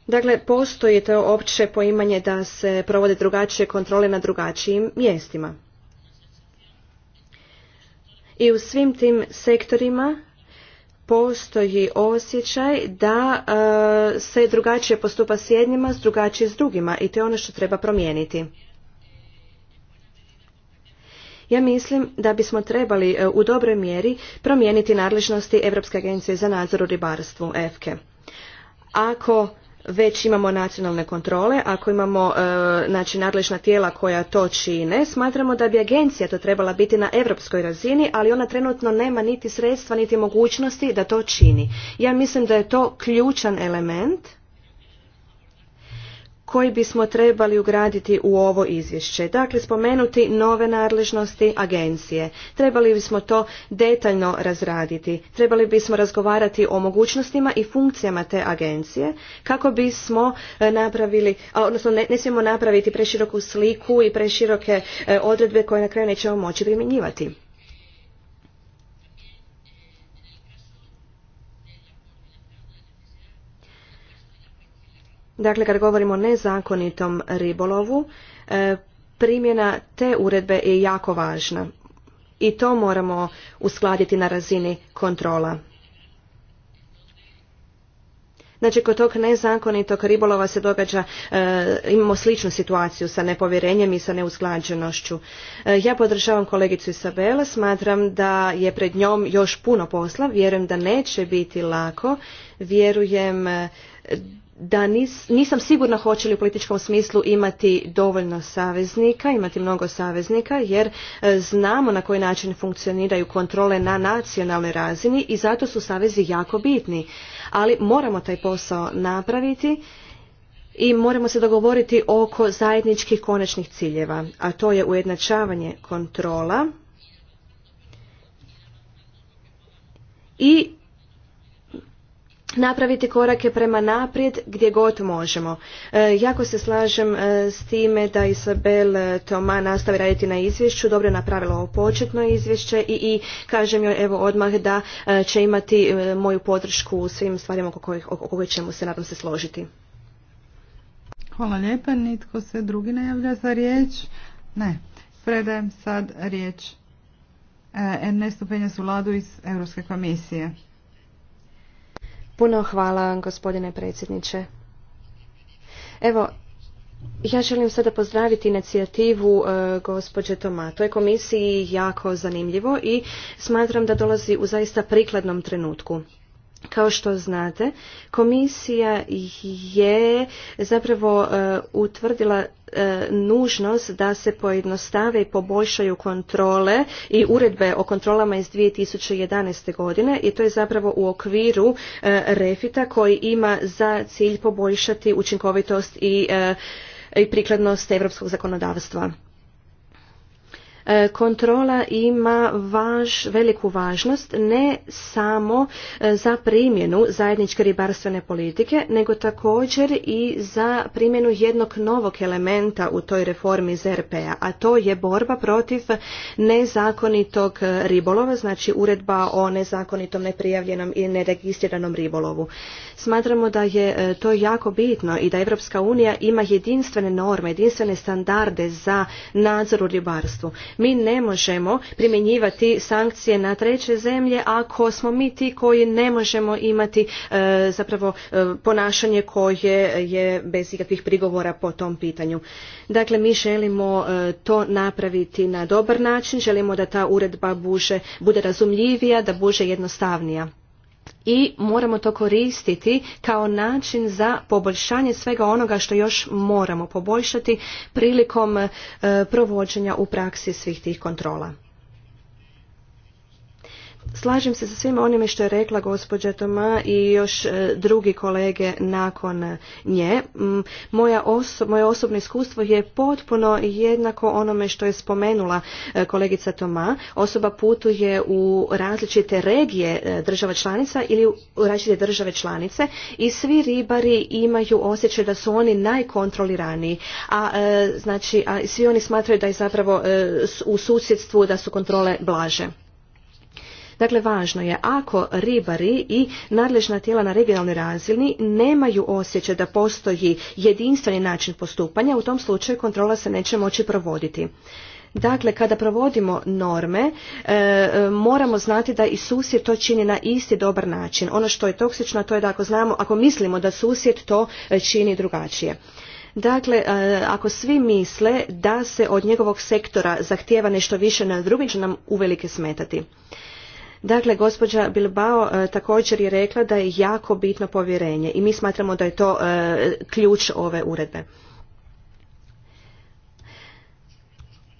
Dakle, postoji to opće poimanje da se provode drugačije kontrole na drugačijim mjestima. I u svim tim sektorima postoji osjećaj da e, se drugačije postupa s jednima, s drugačije s drugima i to je ono što treba promijeniti. Ja mislim da bismo trebali e, u dobroj mjeri promijeniti nadležnosti Europske agencije za nadzor u ribarstvu EFKE. Ako već imamo nacionalne kontrole, ako imamo e, znači, nadležna tijela koja to čine, smatramo da bi agencija to trebala biti na europskoj razini, ali ona trenutno nema niti sredstva, niti mogućnosti da to čini. Ja mislim da je to ključan element koji bismo trebali ugraditi u ovo izvješće. Dakle, spomenuti nove nadležnosti agencije. Trebali bismo to detaljno razraditi. Trebali bismo razgovarati o mogućnostima i funkcijama te agencije kako bismo e, napravili, odnosno ne, ne smijemo napraviti preširoku sliku i preširoke e, odredbe koje na kraju nećemo moći primjenjivati. Dakle, kad govorimo o nezakonitom ribolovu, e, primjena te uredbe je jako važna i to moramo uskladiti na razini kontrola. Znači, kod tog nezakonitog ribolova se događa, e, imamo sličnu situaciju sa nepovjerenjem i sa neusklađenošću. E, ja podržavam kolegicu Isabela, smatram da je pred njom još puno posla, vjerujem da neće biti lako, vjerujem da nisam sigurna hoće li u političkom smislu imati dovoljno saveznika, imati mnogo saveznika jer e, znamo na koji način funkcioniraju kontrole na nacionalnoj razini i zato su savezi jako bitni. Ali moramo taj posao napraviti i moramo se dogovoriti oko zajedničkih konačnih ciljeva, a to je ujednačavanje kontrola i napraviti korake prema naprijed gdje god možemo. E, jako se slažem e, s time da Isabel e, Toma nastavi raditi na izvješću, dobro je napravila ovo početno izvješće i, i kažem joj evo odmah da e, će imati moju podršku u svim stvarima oko kojih ćemo se nadam se složiti. Hvala lijepa, nitko se drugi ne za riječ. Ne, predajem sad riječ Ernestu su vladu iz Europske komisije. Puno hvala gospodine predsjedniče. Evo, ja želim sada pozdraviti inicijativu e, gospođe Toma. To je komisiji jako zanimljivo i smatram da dolazi u zaista prikladnom trenutku kao što znate, komisija je zapravo e, utvrdila e, nužnost da se pojednostave i poboljšaju kontrole i uredbe o kontrolama iz 2011. godine i to je zapravo u okviru e, refita koji ima za cilj poboljšati učinkovitost i, i prikladnost europskog zakonodavstva. E, kontrola ima važ, veliku važnost ne samo e, za primjenu zajedničke ribarstvene politike, nego također i za primjenu jednog novog elementa u toj reformi ZRP-a, a to je borba protiv nezakonitog ribolova, znači uredba o nezakonitom, neprijavljenom i neregistriranom ribolovu. Smatramo da je e, to jako bitno i da Europska unija ima jedinstvene norme, jedinstvene standarde za nadzor u ribarstvu. Mi ne možemo primjenjivati sankcije na treće zemlje ako smo mi ti koji ne možemo imati e, zapravo e, ponašanje koje je bez ikakvih prigovora po tom pitanju. Dakle, mi želimo to napraviti na dobar način, želimo da ta uredba bude razumljivija, da bude jednostavnija i moramo to koristiti kao način za poboljšanje svega onoga što još moramo poboljšati prilikom e, provođenja u praksi svih tih kontrola. Slažem se sa svima onime što je rekla gospođa Toma i još e, drugi kolege nakon e, nje. Mm, moja moje osobno iskustvo je potpuno jednako onome što je spomenula e, kolegica Toma. Osoba putuje u različite regije država članica ili u različite države članice i svi ribari imaju osjećaj da su oni najkontroliraniji. A znači a svi oni smatraju da je zapravo u susjedstvu da su kontrole blaže. Dakle, važno je ako ribari i nadležna tijela na regionalnoj razini nemaju osjećaj da postoji jedinstveni način postupanja, u tom slučaju kontrola se neće moći provoditi. Dakle, kada provodimo norme, e, moramo znati da i susjed to čini na isti dobar način. Ono što je toksično, to je da ako znamo, ako mislimo da susjed to e, čini drugačije. Dakle, e, ako svi misle da se od njegovog sektora zahtijeva nešto više na drugi, će nam uvelike smetati. Dakle, gospođa Bilbao e, također je rekla da je jako bitno povjerenje i mi smatramo da je to e, ključ ove uredbe.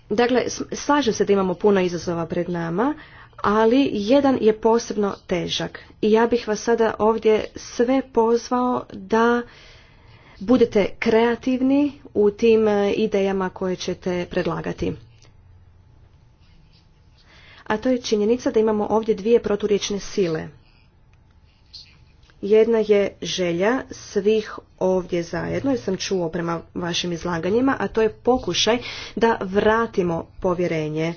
Dakle, slažem se da imamo puno izazova pred nama, ali jedan je posebno težak. I ja bih vas sada ovdje sve pozvao da budete kreativni u tim e, idejama koje ćete predlagati a to je činjenica da imamo ovdje dvije proturječne sile. Jedna je želja svih ovdje zajedno, jer sam čuo prema vašim izlaganjima, a to je pokušaj da vratimo povjerenje.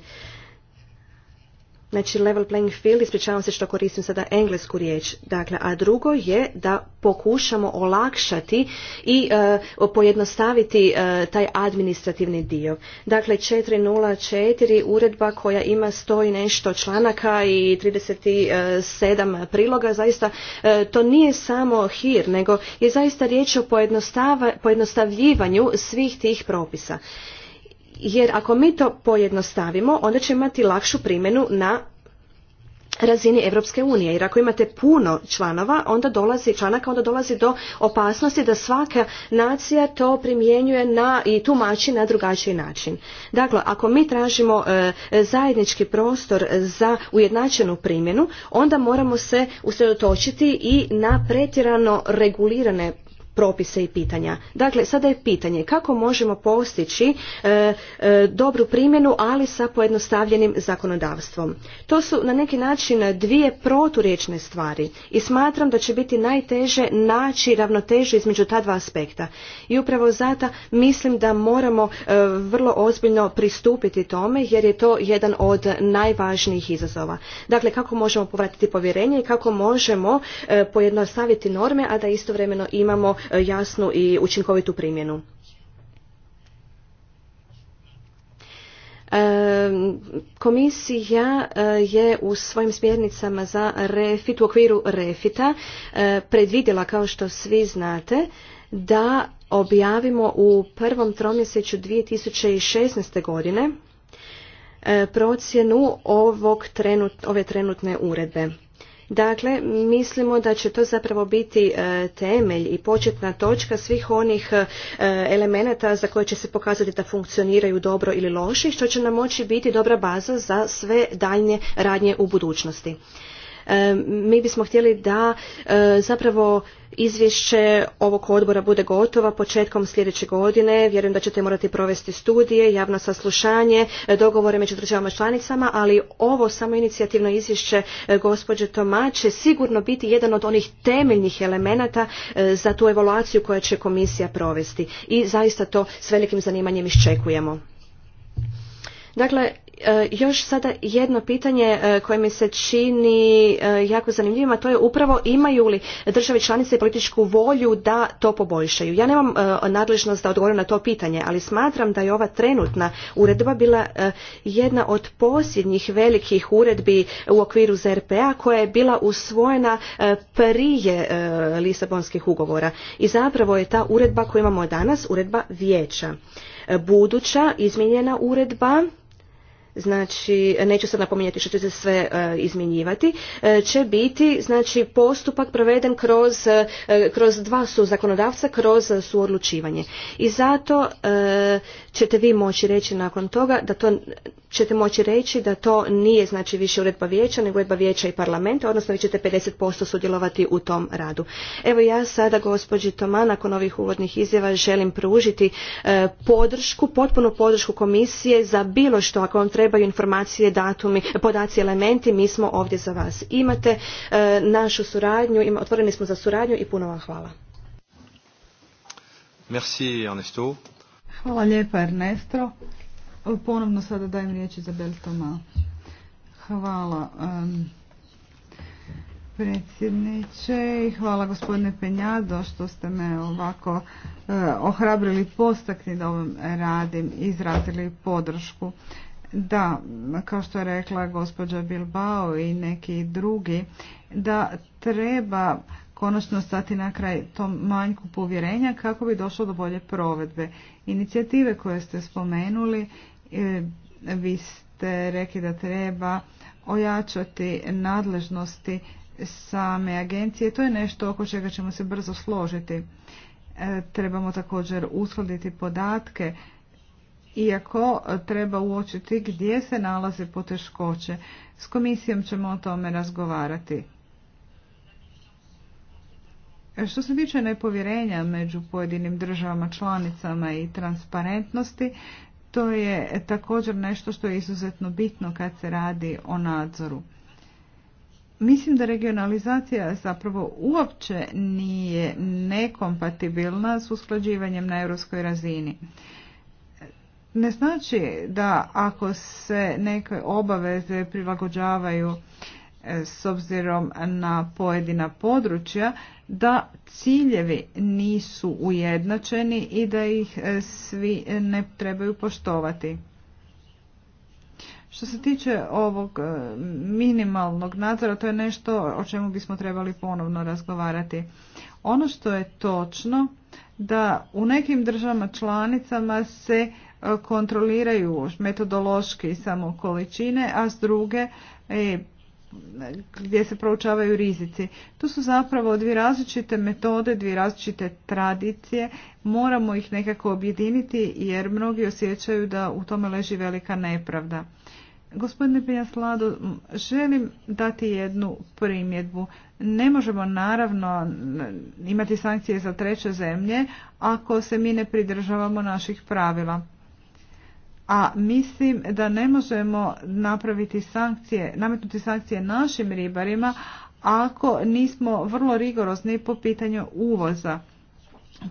Znači level playing field, ispričavam se što koristim sada englesku riječ. Dakle, a drugo je da pokušamo olakšati i e, pojednostaviti e, taj administrativni dio. Dakle, 404 uredba koja ima sto i nešto članaka i 37 priloga, zaista e, to nije samo hir, nego je zaista riječ o pojednostavljivanju svih tih propisa jer ako mi to pojednostavimo onda će imati lakšu primjenu na razini Europske unije. Jer ako imate puno članova, onda dolazi članaka, onda dolazi do opasnosti da svaka nacija to primjenjuje na i tumači na drugačiji način. Dakle, ako mi tražimo e, zajednički prostor za ujednačenu primjenu, onda moramo se usredotočiti i na pretjerano regulirane propise i pitanja. Dakle, sada je pitanje kako možemo postići e, e, dobru primjenu, ali sa pojednostavljenim zakonodavstvom. To su na neki način dvije proturječne stvari i smatram da će biti najteže naći ravnotežu između ta dva aspekta. I upravo zato mislim da moramo e, vrlo ozbiljno pristupiti tome jer je to jedan od najvažnijih izazova. Dakle, kako možemo povratiti povjerenje i kako možemo pojednostaviti norme, a da istovremeno imamo E, jasnu i učinkovitu primjenu. E, komisija e, je u svojim smjernicama za refit u okviru refita predvidjela kao što svi znate da objavimo u prvom tromjesečju 2016. godine procjenu ove trenutne uredbe. Dakle, mislimo da će to zapravo biti e, temelj i početna točka svih onih e, elemenata za koje će se pokazati da funkcioniraju dobro ili loše, što će nam moći biti dobra baza za sve daljnje radnje u budućnosti. E, mi bismo htjeli da e, zapravo izvješće ovog odbora bude gotova početkom sljedeće godine. Vjerujem da ćete morati provesti studije, javno saslušanje, e, dogovore među državama članicama, ali ovo samo inicijativno izvješće gospođe Toma će sigurno biti jedan od onih temeljnih elemenata za tu evaluaciju koja će komisija provesti. I zaista to s velikim zanimanjem iščekujemo. Dakle, E, još sada jedno pitanje e, koje mi se čini e, jako zanimljivim, to je upravo imaju li države članice političku volju da to poboljšaju. Ja nemam nadležnost da odgovorim na to pitanje, ali smatram da je ova trenutna uredba bila jedna od posljednjih velikih uredbi u okviru ZRPA koja je bila usvojena prije Lisabonskih ugovora. I zapravo je ta uredba koju imamo danas uredba vijeća. Buduća izmijenjena uredba znači neću sad napominjati što će se sve e, izmjenjivati, e, će biti znači postupak proveden kroz, e, kroz dva su zakonodavca, kroz suodlučivanje. I zato ćete vi moći reći nakon toga da to ćete moći reći da to nije znači više uredba vijeća nego uredba vijeća i parlamenta, odnosno vi ćete 50% sudjelovati u tom radu. Evo ja sada gospođi Toma nakon ovih uvodnih izjava želim pružiti e, podršku, potpunu podršku komisije za bilo što ako vam trebaju informacije, datumi, podaci, elementi, mi smo ovdje za vas. Imate e, našu suradnju, otvoreni smo za suradnju i puno vam hvala. Merci Ernesto. Hvala lijepa Ernesto. Ponovno sada dajem riječ za Toma. Hvala predsjedniče i hvala gospodine Penjado što ste me ovako e, ohrabrili postakni da ovom radim i izrazili podršku. Da, kao što je rekla gospođa Bilbao i neki drugi, da treba konačno stati na kraj tom manjku povjerenja kako bi došlo do bolje provedbe. Inicijative koje ste spomenuli E, vi ste rekli da treba ojačati nadležnosti same agencije. To je nešto oko čega ćemo se brzo složiti. E, trebamo također uskladiti podatke iako treba uočiti gdje se nalaze poteškoće. S komisijom ćemo o tome razgovarati. Što se tiče nepovjerenja među pojedinim državama članicama i transparentnosti, to je također nešto što je izuzetno bitno kad se radi o nadzoru. Mislim da regionalizacija zapravo uopće nije nekompatibilna s usklađivanjem na europskoj razini. Ne znači da ako se neke obaveze prilagođavaju e, s obzirom na pojedina područja, da ciljevi nisu ujednačeni i da ih e, svi ne trebaju poštovati. Što se tiče ovog e, minimalnog nadzora, to je nešto o čemu bismo trebali ponovno razgovarati. Ono što je točno da u nekim državama članicama se e, kontroliraju metodološki samo količine, a s druge gdje se proučavaju rizici. To su zapravo dvije različite metode, dvije različite tradicije. Moramo ih nekako objediniti jer mnogi osjećaju da u tome leži velika nepravda. Gospodine Pijaslado, želim dati jednu primjedbu. Ne možemo naravno imati sankcije za treće zemlje ako se mi ne pridržavamo naših pravila a mislim da ne možemo napraviti sankcije, nametnuti sankcije našim ribarima ako nismo vrlo rigorozni po pitanju uvoza.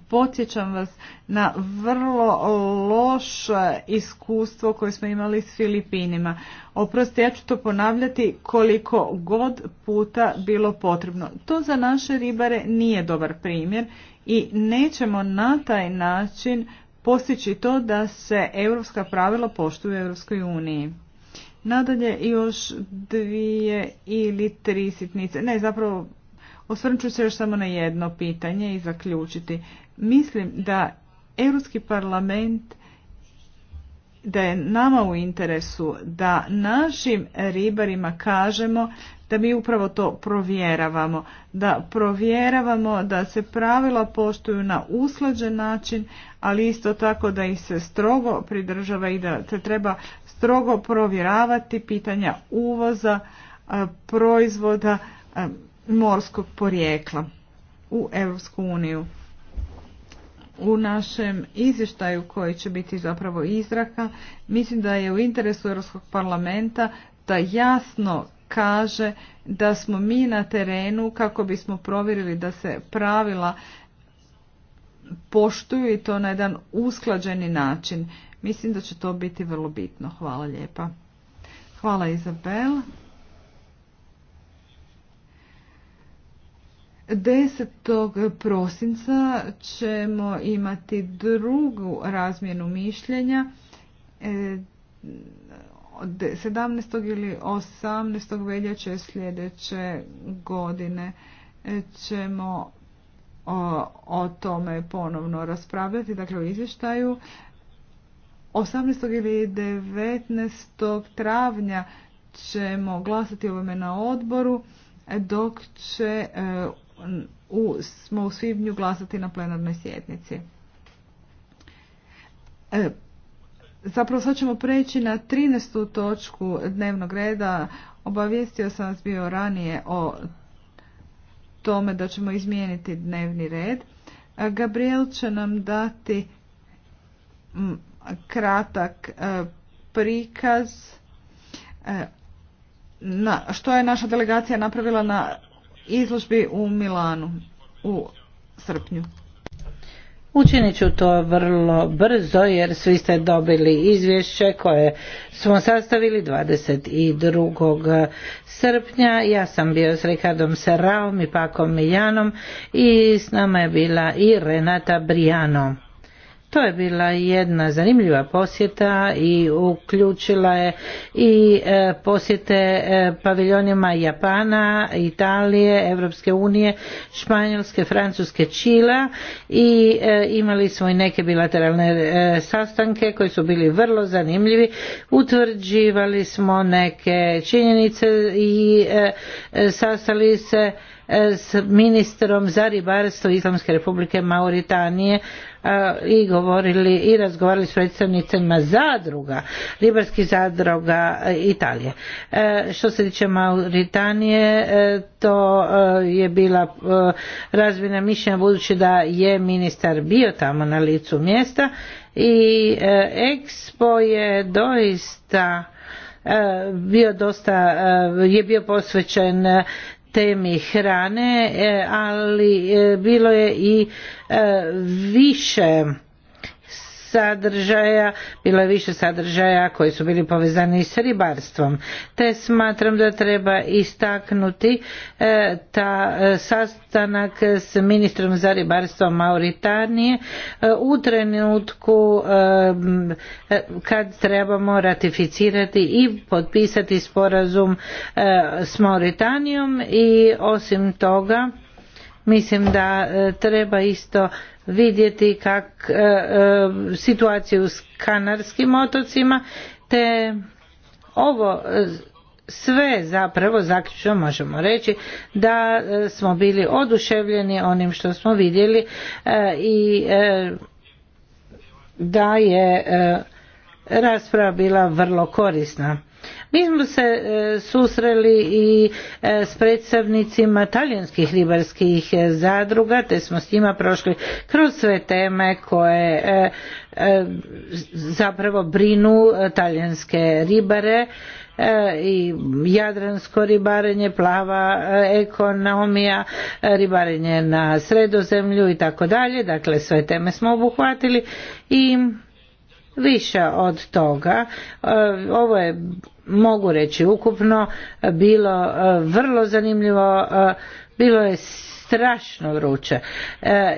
Podsjećam vas na vrlo loše iskustvo koje smo imali s Filipinima. Oprosti, ja ću to ponavljati koliko god puta bilo potrebno. To za naše ribare nije dobar primjer i nećemo na taj način postići to da se europska pravila poštuju u Europskoj uniji. Nadalje još dvije ili tri sitnice. Ne, zapravo osvrnut ću se još samo na jedno pitanje i zaključiti. Mislim da Europski parlament da je nama u interesu da našim ribarima kažemo da mi upravo to provjeravamo, da provjeravamo da se pravila poštuju na usklađen način, ali isto tako da ih se strogo pridržava i da se treba strogo provjeravati pitanja uvoza e, proizvoda e, morskog porijekla u Europsku uniju u našem izvještaju koji će biti zapravo izraka, mislim da je u interesu Europskog parlamenta da jasno kaže da smo mi na terenu kako bismo provjerili da se pravila poštuju i to na jedan usklađeni način. Mislim da će to biti vrlo bitno. Hvala lijepa. Hvala Izabel. 10. prosinca ćemo imati drugu razmjenu mišljenja 17. E, ili 18. veljače sljedeće godine e, ćemo o, tome ponovno raspravljati, dakle u izvještaju. 18. ili 19. travnja ćemo glasati ovome na odboru, dok će e, u, smo u svibnju glasati na plenarnoj sjednici. E, zapravo sad ćemo preći na 13. točku dnevnog reda. Obavijestio sam vas bio ranije o tome da ćemo izmijeniti dnevni red. E, Gabriel će nam dati kratak e, prikaz e, na što je naša delegacija napravila na izložbi u Milanu u srpnju. Učinit ću to vrlo brzo jer svi ste dobili izvješće koje smo sastavili 22. srpnja. Ja sam bio s Rikardom Seraom i Pakom Miljanom i s nama je bila i Renata Brijano. To je bila jedna zanimljiva posjeta i uključila je i e, posjete e, paviljonima Japana, Italije, Europske unije, Španjolske, Francuske, Čila i e, imali smo i neke bilateralne sastanke koji su bili vrlo zanimljivi. Utvrđivali smo neke činjenice i sastali se s ministrom za ribarstvo Islamske republike Mauritanije i govorili i razgovarali s predstavnicima zadruga, ribarskih zadruga e, Italije. E, što se tiče Mauritanije, e, to je bila razvina mišljenja budući da je ministar bio tamo na licu mjesta i Expo je doista bio dosta je bio posvećen temi hrane, e, ali e, bilo je i e, više sadržaja, bilo je više sadržaja koji su bili povezani s ribarstvom. Te smatram da treba istaknuti e, ta e, sastanak s ministrom za ribarstvo Mauritanije e, u trenutku kad trebamo ratificirati i potpisati sporazum s Mauritanijom i osim toga mislim da e, treba isto vidjeti kak e, e, situaciju s kanarskim otocima te ovo sve zapravo zaključno možemo reći da smo bili oduševljeni onim što smo vidjeli i da je rasprava bila vrlo korisna mi smo se e, susreli i e, s predstavnicima talijanskih ribarskih e, zadruga, te smo s njima prošli kroz sve teme koje zapravo brinu talijanske ribare i jadransko ribarenje, plava ekonomija, ribarenje na sredozemlju i tako dalje, dakle sve teme smo obuhvatili i više od toga. E, ovo je, mogu reći ukupno, bilo e, vrlo zanimljivo, e, bilo je strašno vruće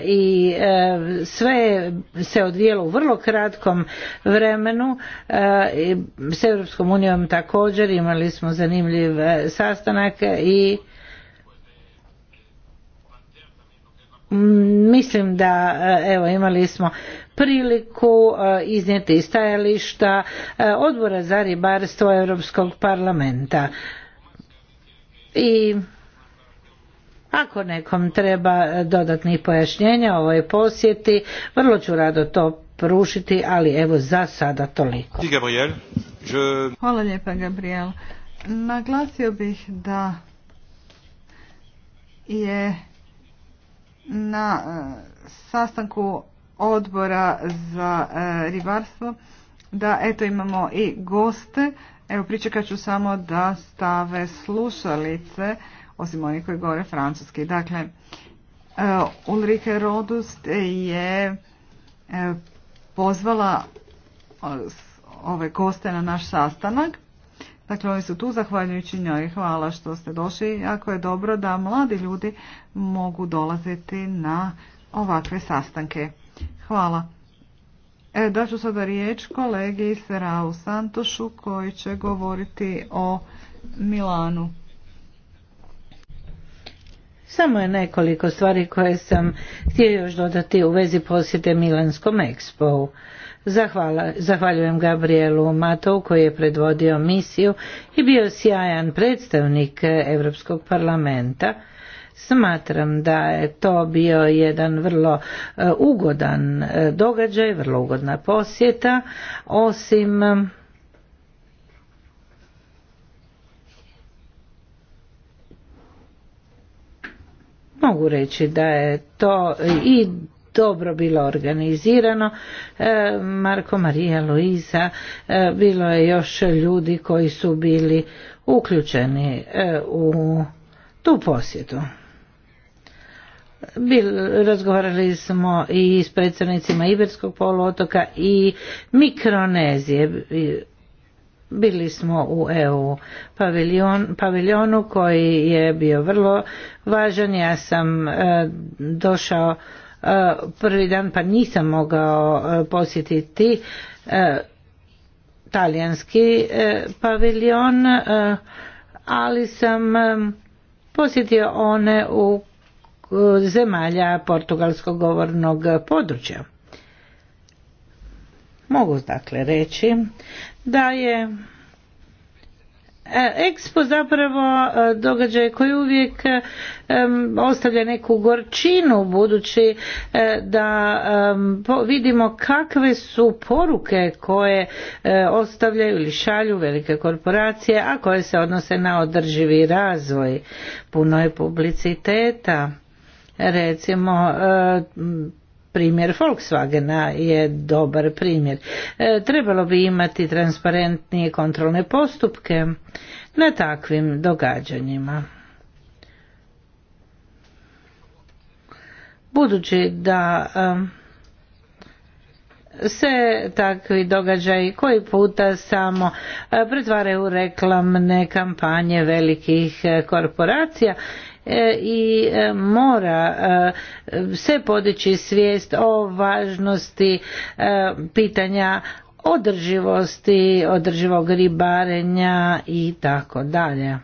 i sve se odvijelo u vrlo kratkom vremenu s Europskom unijom također imali smo zanimljiv sastanak i mislim da evo imali smo priliku e, iznijeti stajališta e, odbora za ribarstvo Europskog parlamenta. I ako nekom treba dodatnih pojašnjenja ovoj posjeti, vrlo ću rado to prušiti, ali evo za sada toliko. Hvala lijepa, Gabriel. Naglasio bih da je na e, sastanku odbora za e, ribarstvo da eto imamo i goste. Evo pričekat ću samo da stave slušalice, osim oni koji govore francuski. Dakle, e, Ulrike Rodust je e, pozvala ove goste na naš sastanak. Dakle, oni su tu zahvaljujući njoj. Hvala što ste došli. Jako je dobro da mladi ljudi mogu dolaziti na ovakve sastanke. Hvala. E, daću sada riječ kolegi Serau Santošu koji će govoriti o Milanu. Samo je nekoliko stvari koje sam htio još dodati u vezi posjete Milanskom ekspovu. zahvaljujem Gabrielu Matov koji je predvodio misiju i bio sjajan predstavnik Europskog parlamenta Smatram da je to bio jedan vrlo e, ugodan e, događaj, vrlo ugodna posjeta, osim e, mogu reći da je to i dobro bilo organizirano. Marko Marija Luisa, bilo je još ljudi koji su bili uključeni u tu posjetu. Bil, razgovarali smo i s predstavnicima Iberskog poluotoka i Mikronezije. Bili smo u EU paviljonu koji je bio vrlo važan. Ja sam e, došao e, prvi dan pa nisam mogao e, posjetiti talijanski paviljon, ali sam posjetio one u Eh, zemalja portugalskog govornog područja. Mogu dakle reći da je eh, Expo zapravo eh, događaj koji uvijek ostavlja neku gorčinu budući da vidimo kakve su poruke koje ostavljaju ili šalju velike korporacije, a koje se odnose na održivi razvoj. Puno je publiciteta Recimo, e, primjer Volkswagena je dobar primjer. E, trebalo bi imati transparentnije kontrolne postupke na takvim događanjima. Budući da e, se takvi događaji koji puta samo pretvaraju u reklamne kampanje velikih korporacija E, i e, mora e, se podići svijest o važnosti pitanja održivosti, održivog ribarenja i tako dalje.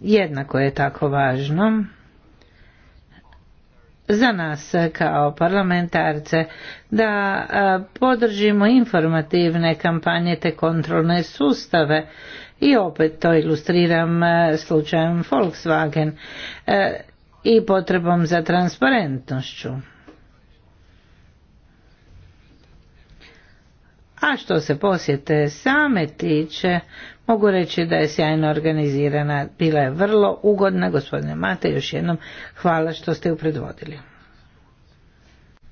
Jednako je tako važno za nas kao parlamentarce da podržimo informativne kampanje te kontrolne sustave i opet to ilustriram slučajem Volkswagen i potrebom za transparentnošću. A što se posjete same tiče, Mogu reći da je sjajno organizirana, bila je vrlo ugodna, gospodine Mate, još jednom hvala što ste ju predvodili.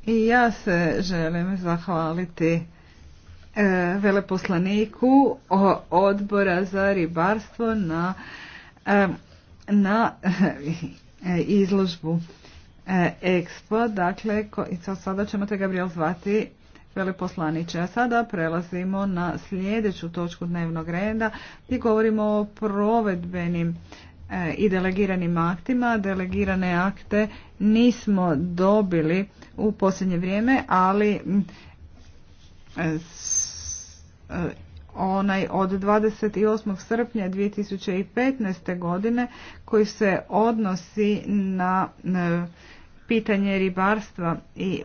I ja se želim zahvaliti e, veleposlaniku odbora za ribarstvo na, e, na e, izložbu Expo, dakle, sada ćemo te Gabriel zvati veleposlaniče. A sada prelazimo na sljedeću točku dnevnog reda i govorimo o provedbenim e, i delegiranim aktima. Delegirane akte nismo dobili u posljednje vrijeme, ali e, e, onaj od 28. srpnja 2015. godine koji se odnosi na pitanje ribarstva i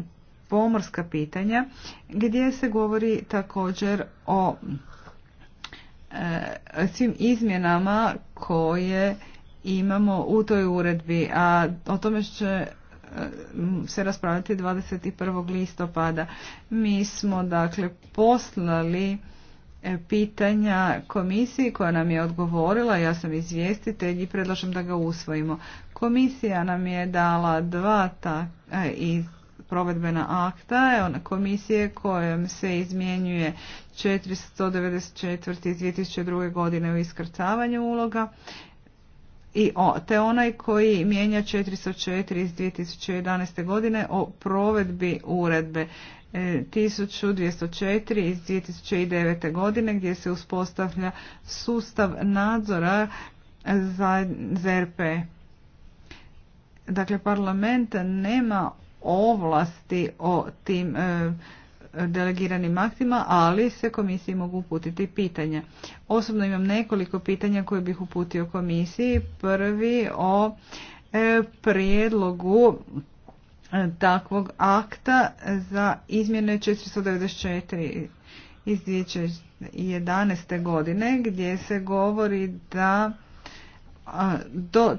pomorska pitanja gdje se govori također o e, svim izmjenama koje imamo u toj uredbi, a o tome će e, se raspravljati 21. listopada. Mi smo dakle poslali e, pitanja komisiji koja nam je odgovorila, ja sam izvjestitelj i predlažem da ga usvojimo. Komisija nam je dala dva ta, iz provedbena akta je komisije kojom se izmjenjuje 494. iz 2002. godine u iskrcavanju uloga i o, te onaj koji mijenja 404 iz 2011. godine o provedbi uredbe 1204 e, iz 2009. godine gdje se uspostavlja sustav nadzora za ZRP. Dakle, parlament nema ovlasti o tim e, delegiranim aktima, ali se komisiji mogu uputiti pitanja. Osobno imam nekoliko pitanja koje bih uputio komisiji. Prvi o e, prijedlogu e, takvog akta za izmjene 494 iz 2011. godine gdje se govori da do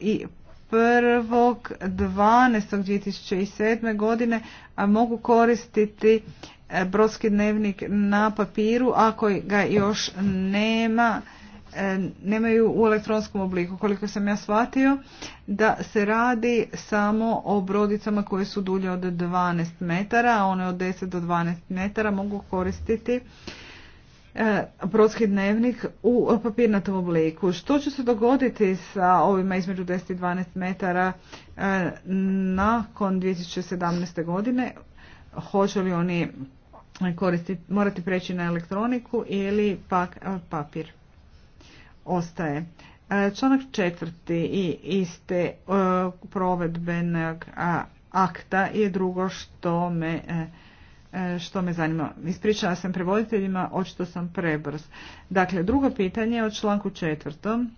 i 1.12.2007. godine mogu koristiti e, brodski dnevnik na papiru ako ga još nema e, nemaju u elektronskom obliku. Koliko sam ja shvatio da se radi samo o brodicama koje su dulje od 12 metara, a one od 10 do 12 metara mogu koristiti E, brodski dnevnik u papirnatom obliku. Što će se dogoditi sa ovima između 10 i 12 metara e, nakon 2017. godine? Hoće li oni koristiti, morati preći na elektroniku ili pak e, papir? Ostaje. Članak četvrti i iste provedbenog akta je drugo što me E, što me zanima. Ispričala sam prevoditeljima, očito sam prebrz. Dakle, drugo pitanje je o članku četvrtom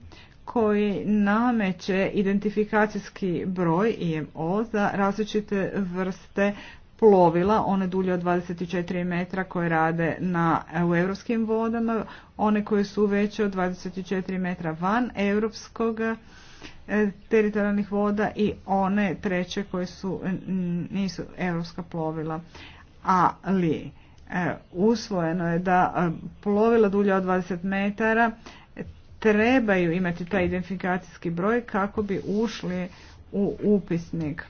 koji nameće identifikacijski broj IMO za različite vrste plovila, one dulje od 24 metra koje rade na, u europskim vodama, one koje su veće od 24 metra van europskog e, teritorijalnih voda i one treće koje su nisu europska plovila ali e, usvojeno je da e, plovila dulja od 20 metara trebaju imati taj identifikacijski broj kako bi ušli u upisnik.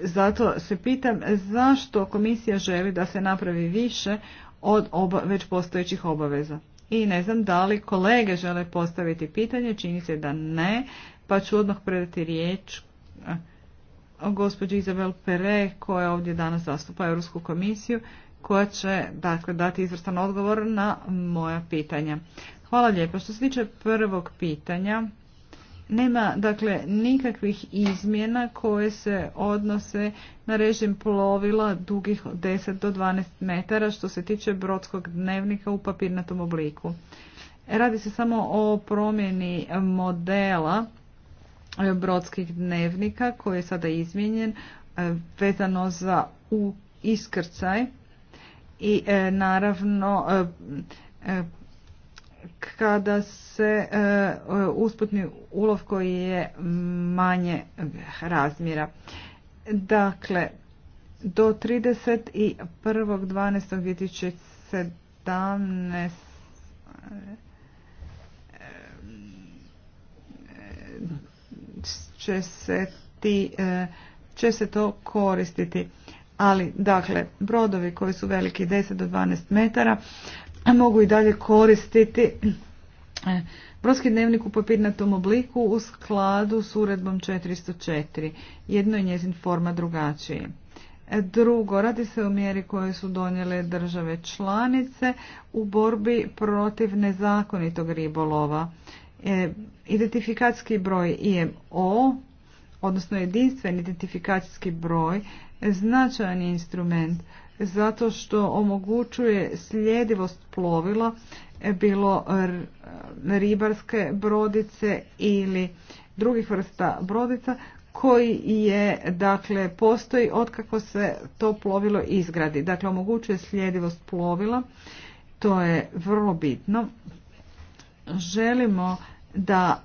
Zato se pitam zašto komisija želi da se napravi više od već postojećih obaveza. I ne znam da li kolege žele postaviti pitanje, čini se da ne, pa ću odmah predati riječ e, gospođi Izabel Pere koja ovdje danas zastupa Europsku komisiju koja će dakle dati izvrstan odgovor na moja pitanja. Hvala lijepo. Što se tiče prvog pitanja, nema dakle nikakvih izmjena koje se odnose na režim plovila dugih 10 do 12 metara što se tiče brodskog dnevnika u papirnatom obliku. Radi se samo o promjeni modela brodskih dnevnika koji je sada izmijenjen e, vezano za u iskrcaj i e, naravno e, kada se usputni ulov koji je manje razmjera. Dakle, do 31.12.2017 će se, ti, e, će se to koristiti. Ali, dakle, brodovi koji su veliki 10 do 12 metara mogu i dalje koristiti e, Brodski dnevnik u papirnatom obliku u skladu s uredbom 404. Jedno je njezin forma drugačiji. E, drugo, radi se o mjeri koje su donijele države članice u borbi protiv nezakonitog ribolova. E, identifikacijski broj IMO, odnosno jedinstven identifikacijski broj, značajan je instrument zato što omogućuje sljedivost plovila, e, bilo ribarske brodice ili drugih vrsta brodica koji je, dakle, postoji otkako se to plovilo izgradi. Dakle, omogućuje sljedivost plovila, to je vrlo bitno. Želimo da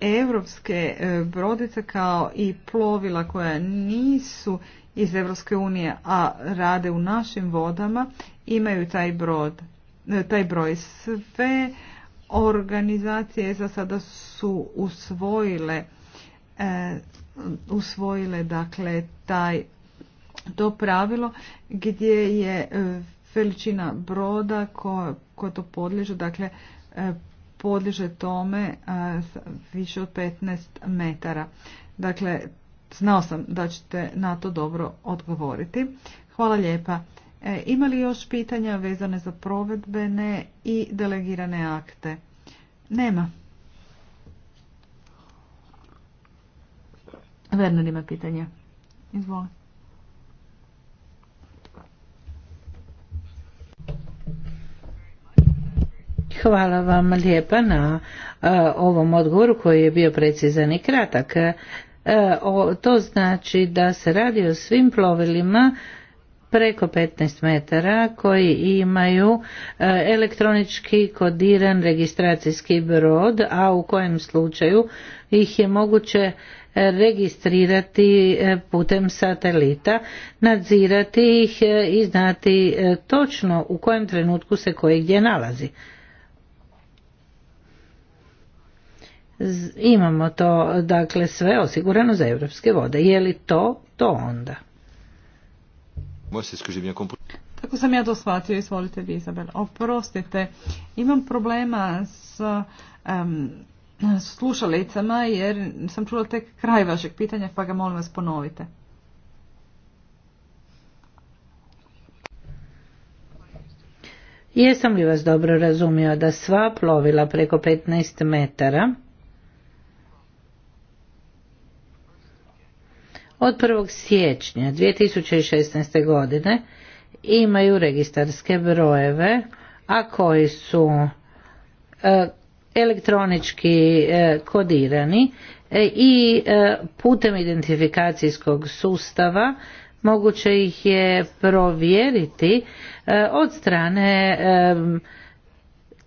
europske e, brodice kao i plovila koja nisu iz Europske unije, a rade u našim vodama, imaju taj brod, e, taj broj. Sve organizacije za sada su usvojile e, usvojile dakle taj to pravilo gdje je veličina broda koja ko to podliježu. dakle podliže tome e, više od 15 metara. Dakle, znao sam da ćete na to dobro odgovoriti. Hvala lijepa. E, ima li još pitanja vezane za provedbene i delegirane akte? Nema. Werner ima pitanja. Izvolite. Hvala vam lijepa na e, ovom odgovoru koji je bio precizan i kratak. E, to znači da se radi o svim plovilima preko 15 metara koji imaju e, elektronički kodiran registracijski brod, a u kojem slučaju ih je moguće registrirati putem satelita, nadzirati ih i znati točno u kojem trenutku se koji gdje nalazi. imamo to dakle sve osigurano za europske vode. Je li to to onda? Tako sam ja to shvatio, izvolite vi Izabel. Oprostite, imam problema s slušalicama jer sam čula tek kraj vašeg pitanja pa ga molim vas ponovite. Jesam li vas dobro razumio da sva plovila preko 15 metara od 1. siječnja 2016. godine imaju registarske brojeve, a koji su e, elektronički e, kodirani e, i putem identifikacijskog sustava moguće ih je provjeriti od strane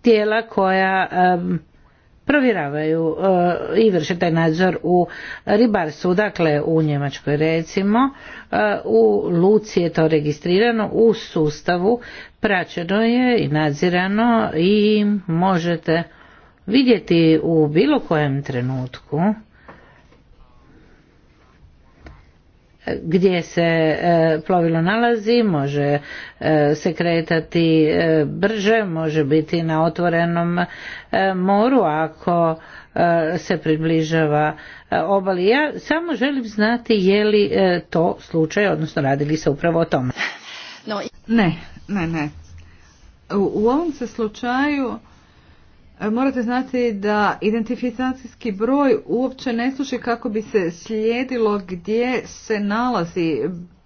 tijela koja provjeravaju e, i vrše taj nadzor u ribarstvu. Dakle, u Njemačkoj recimo, e, u Luci je to registrirano, u sustavu praćeno je i nadzirano i možete vidjeti u bilo kojem trenutku gdje se e, plovilo nalazi, može e, se kretati e, brže, može biti na otvorenom moru ako se približava obali. Ja samo želim znati je li to slučaj, odnosno radi li se upravo o tome. Ne, ne, ne. U, u ovom se slučaju E, morate znati da identifikacijski broj uopće ne služi kako bi se slijedilo gdje se nalazi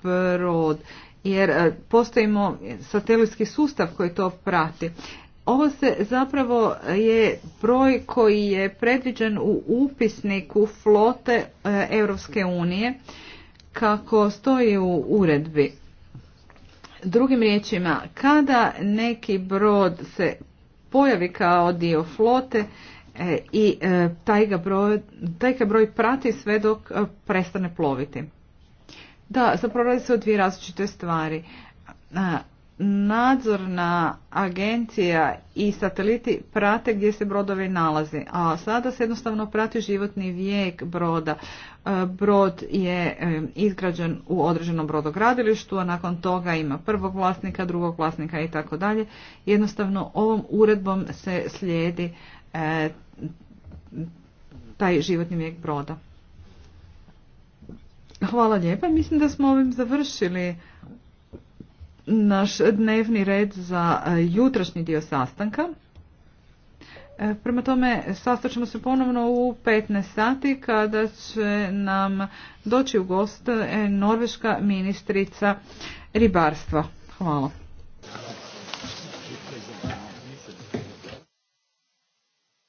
brod, jer e, postojimo satelitski sustav koji to prati. Ovo se zapravo je broj koji je predviđen u upisniku flote e, Europske unije kako stoji u uredbi. Drugim riječima, kada neki brod se pojavi kao dio flote e, i e, taj ga broj, taj broj prati sve dok e, prestane ploviti. Da, zapravo radi se o dvije različite stvari. Nadzorna agencija i sateliti prate gdje se brodovi nalaze, a sada se jednostavno prati životni vijek broda. E, brod je e, izgrađen u određenom brodogradilištu, a nakon toga ima prvog vlasnika, drugog vlasnika i tako dalje. Jednostavno ovom uredbom se slijedi e, taj životni vijek broda. Hvala lijepa. Mislim da smo ovim završili naš dnevni red za jutrašnji dio sastanka. E, prema tome, ćemo se ponovno u 15 sati kada će nam doći u gost e, norveška ministrica ribarstva. Hvala.